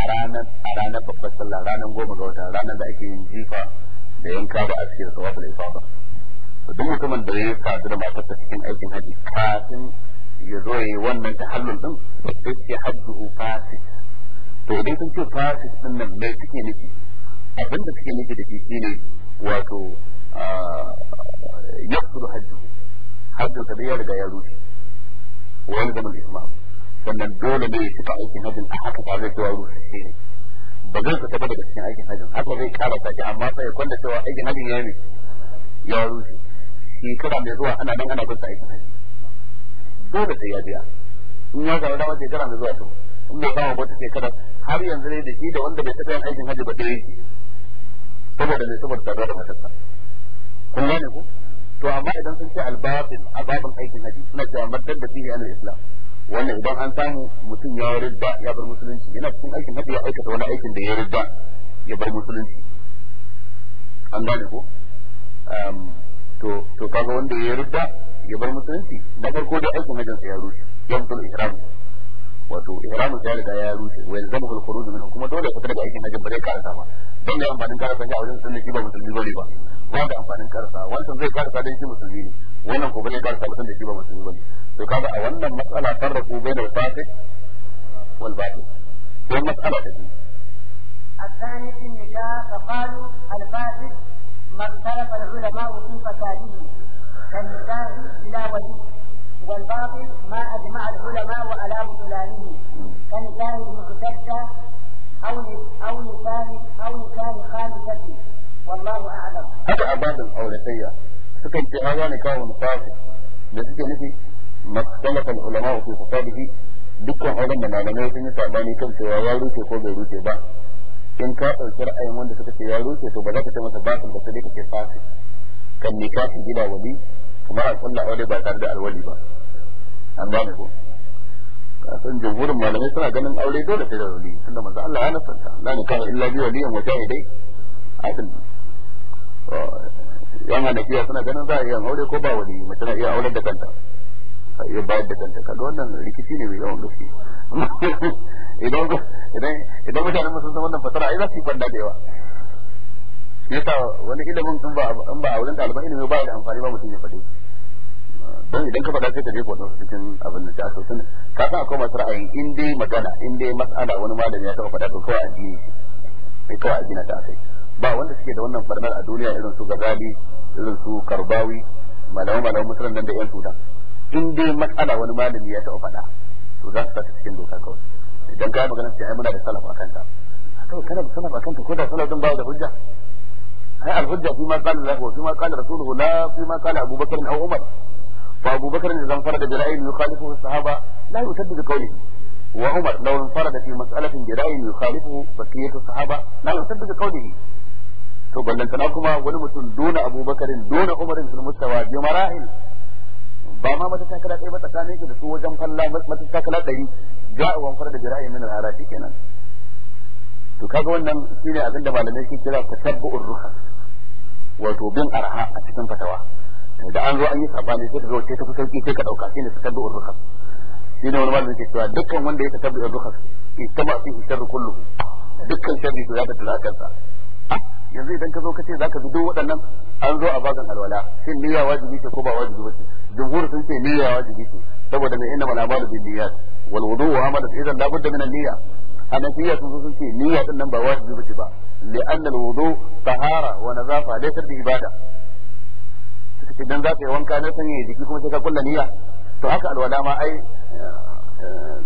أرانا أرانا بقى صلى أرانا قوم الوجه أرانا بأيك يجيب لينكاب أسير صواب الإصابة ودوم كمان بغير كاد لما تفسكين أيك هذه كاسم يزوي ون من تحلل دم بس يحبه فاسد to idan sun ce fasik din nan mai suke nufi abin da suke nufi da shi shine wato yaqtul hajji hajji sa ya riga ya rushe wani zaman isma'il sannan dole ne ya cika aikin hajji a haka ba zai cewa rushe shi ne ba zai fita daga cikin aikin hajji haka zai kara sake amma sai ya kwanda cewa aikin hajji ya ne ya rushe shi kira mai zuwa ana nan ana bin aikin hajji dole sai ya biya in ya zama dama shekara mai zuwa to in bai bawa wata shekara har yanzu ne da shi da wanda bai taɓa yin aikin hajji ba da yake saboda mai saboda tsaro da matarsa kun gane ku to amma idan sun ce albabin ababin aikin hajji suna cewa maddar da fihi anil islam wannan idan an samu mutum ya ridda ya bar musulunci yana cikin aikin hajji ya aikata wani aikin da ya ridda ya bar musulunci an gane ku to to kaga wanda ya ridda ya bar musulunci na farko da aikin hajjinsa ya rushe ya mutu ihramin wato ihramu ya riga ya rushe wa yanzu mun kuro da kuma dole fitar da aikin hajji bare zai karasa ba dan da amfanin karasa shi a wajen sunna shi ba musulmi bane ba ba da amfanin karasa wannan zai karasa dan shi musulmi ne wannan ko bai karasa ba da shi ba musulmi bane to kaga a wannan matsala tarrafu bainal fasik wal batil don matsala ta biyu الثاني في النكاح فقالوا الفاسد ما اختلف العلماء في فساده كالنكاح بلا ولي والباطل ما أجمع العلماء على بطلانه كان المعتدة أو أو لسان أو لسان خالفته والله أعلم. هذا أباد الأولية سكن في هذا نكاه مفاصل لذلك نفي ما اختلف العلماء في خطابه dukkan auren da malamai sun yi sabani kan cewa ya rufe ko bai rufe ba in ka ɗauki ra'ayin wanda suka ce ya rufe to ba za ka ce masa basin ba sai ka ce fasin kan nikahin gida wali kuma a tsalla aure ba tare da alwali ba an gane ko kasan jumhurin malamai suna ganin aure dole sai da wali tunda manzo Allah ya nasarta la nikaha illa bi waliyin wa shahidai adil yan hanafiya suna ganin za a yi aure ko ba wali mace na iya aure da kanta a iya bayar da kanta kaga wannan rikici ne mai yawan gaske idan idan idan mutanen musu san wannan fasara ai za su yi banda da yawa yasa wani ilimin in ba a wurin auren da ilimi ba da amfani ba mutum ya fade don idan ka faɗa sai ka ko wadansu cikin abin da ta sun ka san akwai masu ra'ayi in dai magana in dai mas'ala wani malami ya taɓa faɗa to kawai addini sai kawai addini ta kai. ba wanda suke da wannan farnar a duniya irin su gazali irin su karbawi malaman malaman musulun nan da yan sudan in dai mas'ala wani malami ya taɓa faɗa to za su sa cikin doka kawai idan ka yi magana sai ai muna da salaf akan ta kawai kana da salaf a ta ko da salaf din ba da hujja ai al-hujja fi ma qala lahu fi ma qala rasuluhu la fi ma qala Abu Bakr aw Umar فأبو بكر إذا انفرد برأي يخالفه الصحابة لا يسد بقوله وعمر لو انفرد في مسألة برأي يخالفه بقية الصحابة لا يسد بقوله to ballantana kuma wani mutum dona abubakarin dona umarin fil mustawa bi marahil ba ma mata takala ɗaya ba tsakanin shi da su wajen falla mata takala ɗari ga wan fara da jira'i min al-harati kenan to kaga wannan shine abin da malamai suke kira tasabbu'ur ruha wato bin arha a cikin fatawa da an zo an yi sabani sai ka zo sai ka fi sauki sai ka dauka shine tatabbu'ur rukhas shine wani malamin ke cewa dukkan wanda ya tatabbu'ur rukhas istama fi sharri kullu dukkan sharri to ya ta tulakan sa ah, yanzu idan ka zo ka ce za ka bi duk waɗannan an zo a bagan alwala shin niyya wajibi ce ko ba wajibi ba ce jumhur sun ce niyya wajibi ce saboda mai inna mal amalu bin niyyat wal wudu wa amalat idan la budda min an-niyya hanafiya sun sun ce niyya din nan ba wajibi ba ce ba li anna al-wudu tahara wa nazafa laysa bi ibada idan za ka yi wanka na sanya jiki kuma sai ka kulla niyya to haka alwala ma ai eh,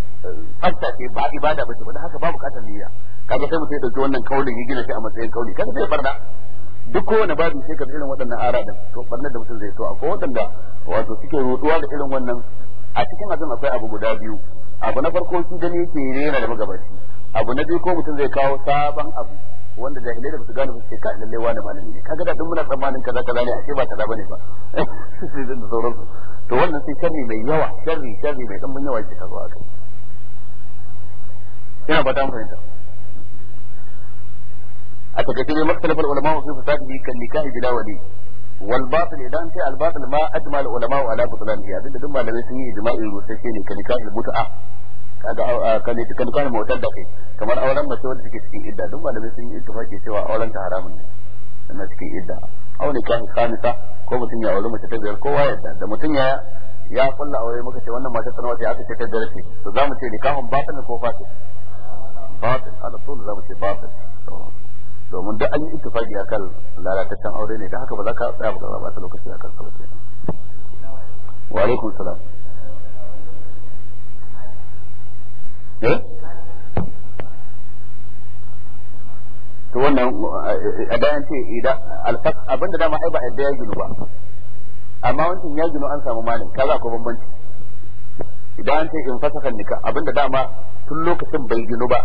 tsafta ce ba ibada ba ce ba haka ba bukatar niyya kaga sai mutum ya dauki wannan kaulin ya gina shi a matsayin kauli kaga sai barna duk kowane babu sai ka irin waɗannan aradan to barnar da mutum zai so akwai waɗanda wato suke ruduwa da irin wannan a cikin azan akwai abu guda biyu abu na farko shi gani yake rena da magabaci abu na biyu ko mutum zai kawo sabon abu wanda jahilai da su gane ba sai ka lalle wani malami ne kaga da duk muna tsammanin kaza kaza ne ashe ba kaza bane ba sai da sauran su to wannan sai sharri mai yawa sharri sharri mai dan yawa yake tazo kai. ina ba ta fahimta a takaice dai maktalaf ulama fi fasadihi kan nikahi bila wali wal batil idan sai al batil ma ajmal ulama ala butlanihi abinda duk malamai sun yi ijma'i rusace ne kan nikahi mut'a kaga kalli ah, ka kalli motar da kai kamar auren mace wanda take cikin idda duk malamai sun yi ittifaki cewa auren ta haramun ne sannan cikin idda aure kafin kamisa ko mutum ya auri mace ta biyar kowa yadda da mutum ya ya kulla aure muka ce wannan mata sanarwa ce aka ce ta biyar to za mu ce kafin batin ko fatin batin ala tul za mu ce batin domin duk an yi ittifaki akan lalataccen aure ne da haka ba za ka tsaya ba ka ba ta lokaci akan sa ba wa alaikum salam to wannan a bayan ce idan alfaq da dama ai ba a ya ginu ba amma wancan ya ginu an samu malin kaza ko bambanci idan an ce in fasaka nika da dama tun lokacin bai ginu ba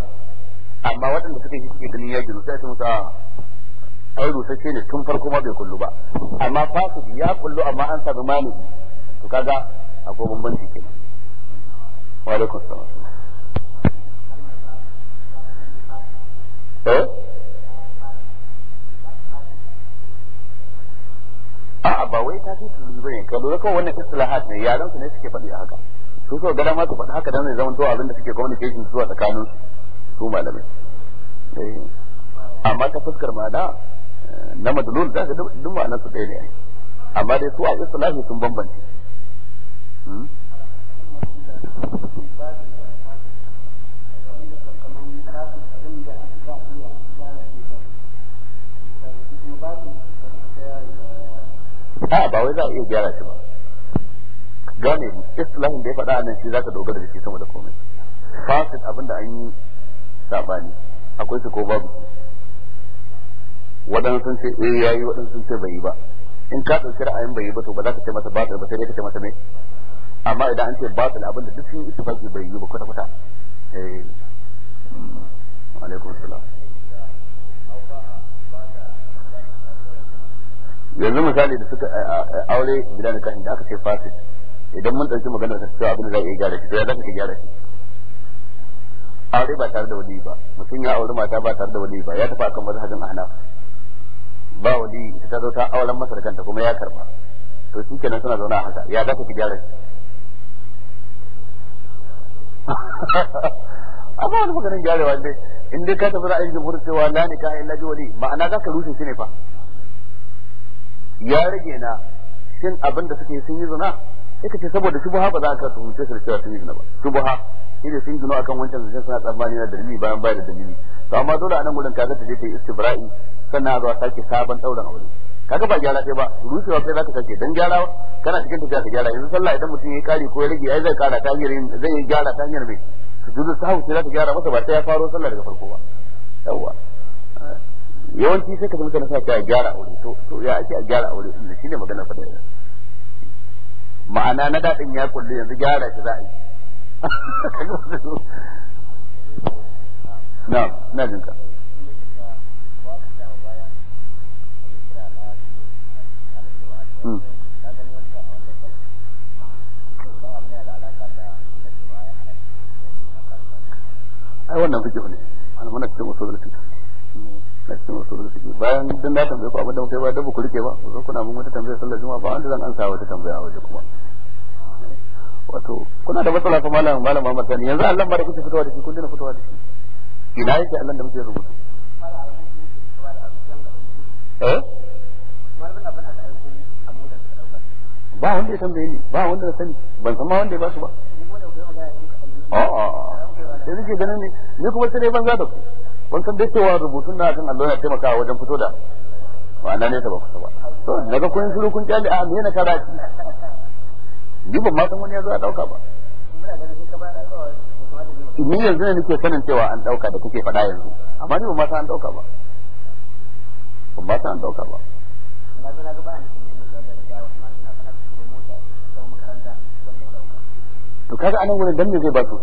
amma waɗanda suka yi suke ganin ya ginu sai su musu ah, ai rusasshe ne tun farko ma bai kullu ba amma fasik ya kullu amma an samu malin to kaga akwai bambanci kenan wa alaikum salam a'a ba wai ta titi ba ne ka lura kawai wannan istilahat ne yaran su ne suke faɗi haka su so gada dama su faɗi haka dan ne zaman to abin da suke communication zuwa tsakanin su malamai eh, amma ta fuskar ma da eh, na madlul da duk ma'anar su ɗaya ne amma dai su a istilahi sun bambance hmm? Aa ba wai za a iya gyara shi ba gane islahin da ya faɗa nan shi zaka dogara da shi sama da komai abin abinda an yi sabani akwai su ko babu waɗansu sun ce eh yayi waɗansu sun ce bai yi ba in ka ɗauki ra'ayin bai yi ba to ba za ka ce masa batil ba sai dai ka ce masa me amma idan an ce batil abin da duk sun yi ittifaqi bai yi ba kwata kwata eh alaikum salam yanzu misali da suka aure bila da kashin da aka ce fasid idan mun ɗauki maganar ta cewa abin da za a iya gyara shi to ya zaka ka gyara shi aure ba tare da wali ba mutum ya aure mata ba tare da wali ba ya tafi akan hajjin ahnaf ba wali ita ta zo ta auren masa da kanta kuma ya karba to shi kenan suna zaune a haka ya zaka ka gyara shi amma wani maganin gyarewa dai in dai ka tafi ra'ayin jumhur cewa la nikaha illa bi wali ma'ana za ka rushe shi ne fa ya rage na shin abin da suke sun yi zina sai ce saboda shubha ba za ka tuhumce su da cewa sun yi zina ba shi ne sun gino akan wancan zancen suna tsammani na dalili bayan bayar da dalili to amma dole a nan gudun kaga ta je ta yi istibra'i sannan a zo a sake sabon ɗaurin aure kaga ba gyara ce ba rushewa kai ka sake dan gyara kana cikin tafiya ka gyara yanzu sallah idan mutum ya kare ko ya rage ai zai kara ta hanyar zai gyara ta hanyar mai sujudu sahu sai zaka gyara masa ba ta ya faro sallah daga farko ba yawwa yawanci sai ka zama mutane suna cewa gyara aure to to ya ake a gyara aure din shine magana fa da ma'ana na dadin ya kullu yanzu gyara shi za a yi na na jin ka hmm. ai wannan kuke ne almanar cikin wasu da na cikin usul suke bayan dan na tambaye ku abin da kai ba da ku rike ba ku zo kuna mun wata tambaya sallar juma'a ba wanda zan ansa wata tambaya a waje kuma wato kuna da matsala fa malam malam Muhammad Sani yanzu Allah ba da fitowa da shi kun dina fitowa da shi ina yake Allah da muke rubutu eh ba wanda ya tambaye ni ba wanda ya sani ban san ma wanda ya basu ba a'a sai suke ganin ne ni kuma sai dai banza da ku kun san dai cewa rubutun na kan Allah ya taimaka wajen fito da ma'ana ne ta ba kusa ba to daga kun shiru kun kyale a ah, me kara ki? ni ba ma san wani ya zo a dauka ba ni yanzu ne nake sanin cewa an dauka da kuke faɗa yanzu amma ni ba ma san an dauka ba ba ma san an dauka ba to kaga anan wurin dan me zai ba su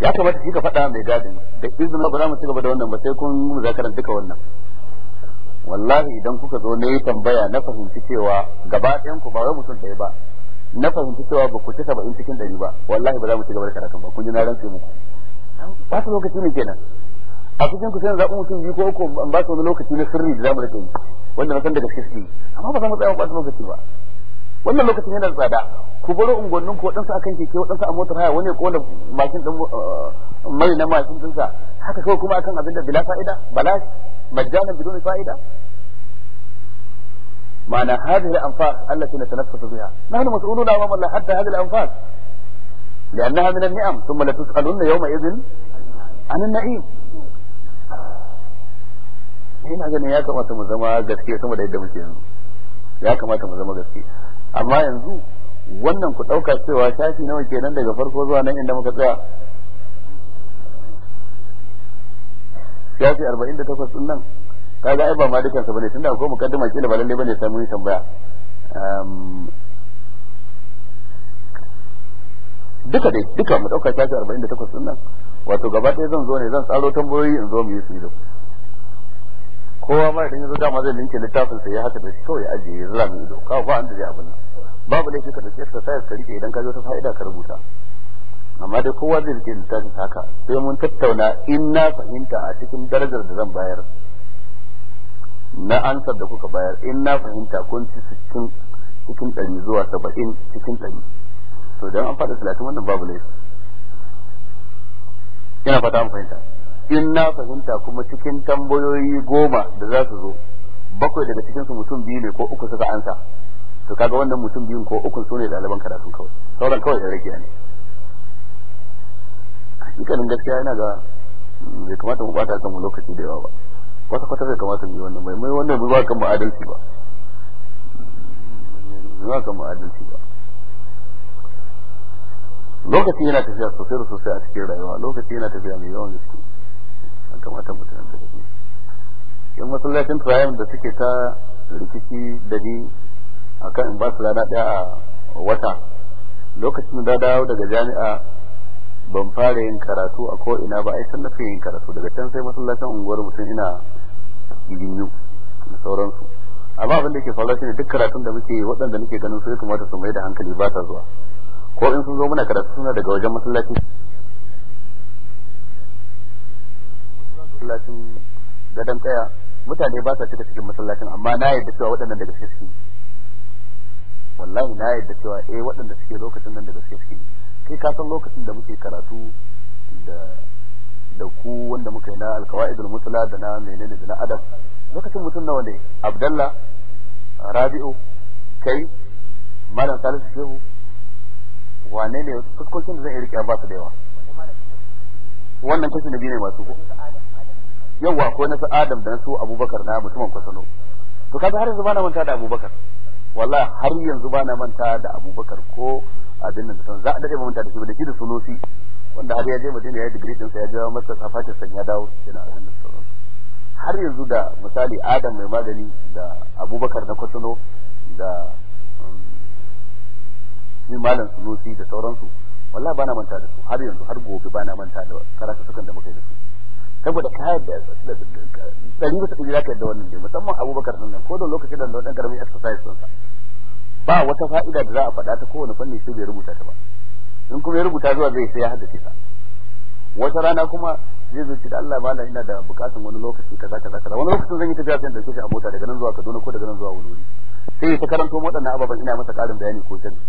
ya kamata shi ka faɗa mai gadin da izinin ba za mu ci gaba da wannan ba sai kun zakaran duka wannan wallahi idan kuka zo na yi tambaya na fahimci cewa gaba ɗayan ku ba wai mutum ɗaya ba na fahimci cewa ba ku ci saba'in cikin ɗari ba wallahi ba za mu ci gaba da karatun ba kun ji na rantse muku ba su lokaci ne kenan a cikin ku sai zaɓi mutum biyu ko uku an ba su wani lokaci na sirri da za mu rike yi wanda na san daga gaske amma ba za mu tsaya ba su lokaci ba wannan lokacin yana da tsada ku bar unguwannin ku waɗansu akan keke waɗansu a motar haya wani ya kona mashin ɗin eh, mai na mashin haka kawai kuma akan abin da bila fa'ida bala majjanan bidon fa'ida معنى هذه الأنفاس التي نتنفس بها نحن مسؤولون أمام الله حتى هذه الأنفاس لأنها من النعم ثم لتسألن يومئذ عن النعيم ina ganin ya kamata mu zama gaskiya sama da muke yanzu ya kamata mu zama amma yanzu wannan ku ɗauka cewa shafi nawa kenan daga farko zuwa nan inda muka tsaya shafi arba'in da takwas ɗin nan kaga ai ba ma dukansa bane tunda akwai mukaddima kila ba lalle bane samu yin tambaya duka dai duka mu ɗauka shafi arba'in da takwas ɗin nan wato gaba ɗaya zan zo ne zan tsaro tambayoyi in zo mu yi su kowa ma idan yazo dama zai linke littafin sai ya haka da shi kawai ya aje ya zama ido ka ba an da zai abin babu laifi ka dauke ka sai ka rike idan ka zo ta fa'ida ka rubuta amma dai kowa zai rike littafin haka sai mun tattauna in na fahimta a cikin darajar da zan bayar na ansar da kuka bayar in na fahimta kun ci cikin cikin ɗari zuwa saba'in cikin ɗari to dan an faɗa talatin wannan babu laifi ina fata an fahimta in na fahimta kuma cikin tambayoyi goma da za su zo bakwai daga cikin su mutum biyu ne ko uku suka ansa to kaga wannan mutum biyun ko uku su ne ɗaliban karatun kawai sauran kawai da rage ne hakikanin gaskiya yana ga mm, bai kamata mu bata kan lokaci da yawa ba wata kwata bai kamata mu yi wannan bai mai wannan bai ba kan mu adalci ba bai ba kan mu adalci ba lokaci yana tafiya sosai da sosai a cikin rayuwa lokaci yana tafiya mai yawan gaskiya an kamata yan masallacin turayen da suke ta rikici da ni akan in ba su rana daya a wata lokacin da dawo daga jami'a ban fara yin karatu a ko ina ba ai san na yin karatu daga can sai masallacin unguwar mutum ina yiwu da sauransu amma abin da ke faruwa shine duk karatun da muke yi waɗanda muke ganin su ya kamata su mai da hankali ba ta zuwa ko in sun zo muna karatu suna daga wajen masallaci masallacin gadon kaya mutane ba sa cika cikin masallacin amma na yadda cewa waɗannan daga gaske suke wallahi na yadda cewa eh waɗanda suke lokacin nan daga gaske suke kai ka san lokacin da muke karatu da da ku wanda muka yi na alkawaidul musla da na menene da na adab lokacin mutum nawa ne abdalla rabi'u kai malam salisu shehu wane ne fuskokin da zan iya rike ba su da yawa wannan kashi na biyu ne masu ko yawa ko na su adam da na su abubakar na mutumin kwatano to kaga har yanzu bana manta da abubakar wallahi har yanzu bana manta da abubakar ko abin nan san za a dade manta da shi da shi da sunusi wanda har ya je madina ya yi digiri din sa ya jawo masa safata san ya dawo yana abin nan sauran har yanzu da misali adam mai magani da abubakar na kwatano da um, shi malam sunusi da sauransu wallahi bana manta da su har yanzu har gobe bana manta da karatu sukan da muka yi da su saboda ka da ɗari bisa ɗari zaka yadda wannan ne musamman abubakar nan ko da lokacin da wannan karamin exercise sun sa ba wata fa'ida da za a faɗa ta kowane fanni sai bai rubuta ta ba in kuma ya rubuta zuwa zai sai ya haddace ta wata rana kuma zai zuci da Allah malam ina da bukatun wani lokaci kaza kaza kaza wani lokacin zan yi tafiya sai da shi a mota daga nan zuwa Kaduna ko daga nan zuwa Wuri sai ya ta karanto waɗannan ababen ina masa ƙarin bayani ko sani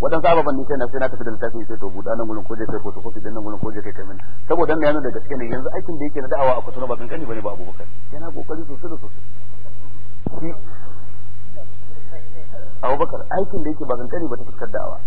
waɗansu ababen ni na sai na tafi da littafin sai to buɗa nan gurin koje kai kotu kofi nan gurin koje kai kamin saboda nan yana da gaske ne yanzu aikin da yake na da'awa a kusurwa ba kankani bane ba abubakar yana kokari sosai da sosai abubakar aikin da yake ba kankani ba ta fuskar da'awa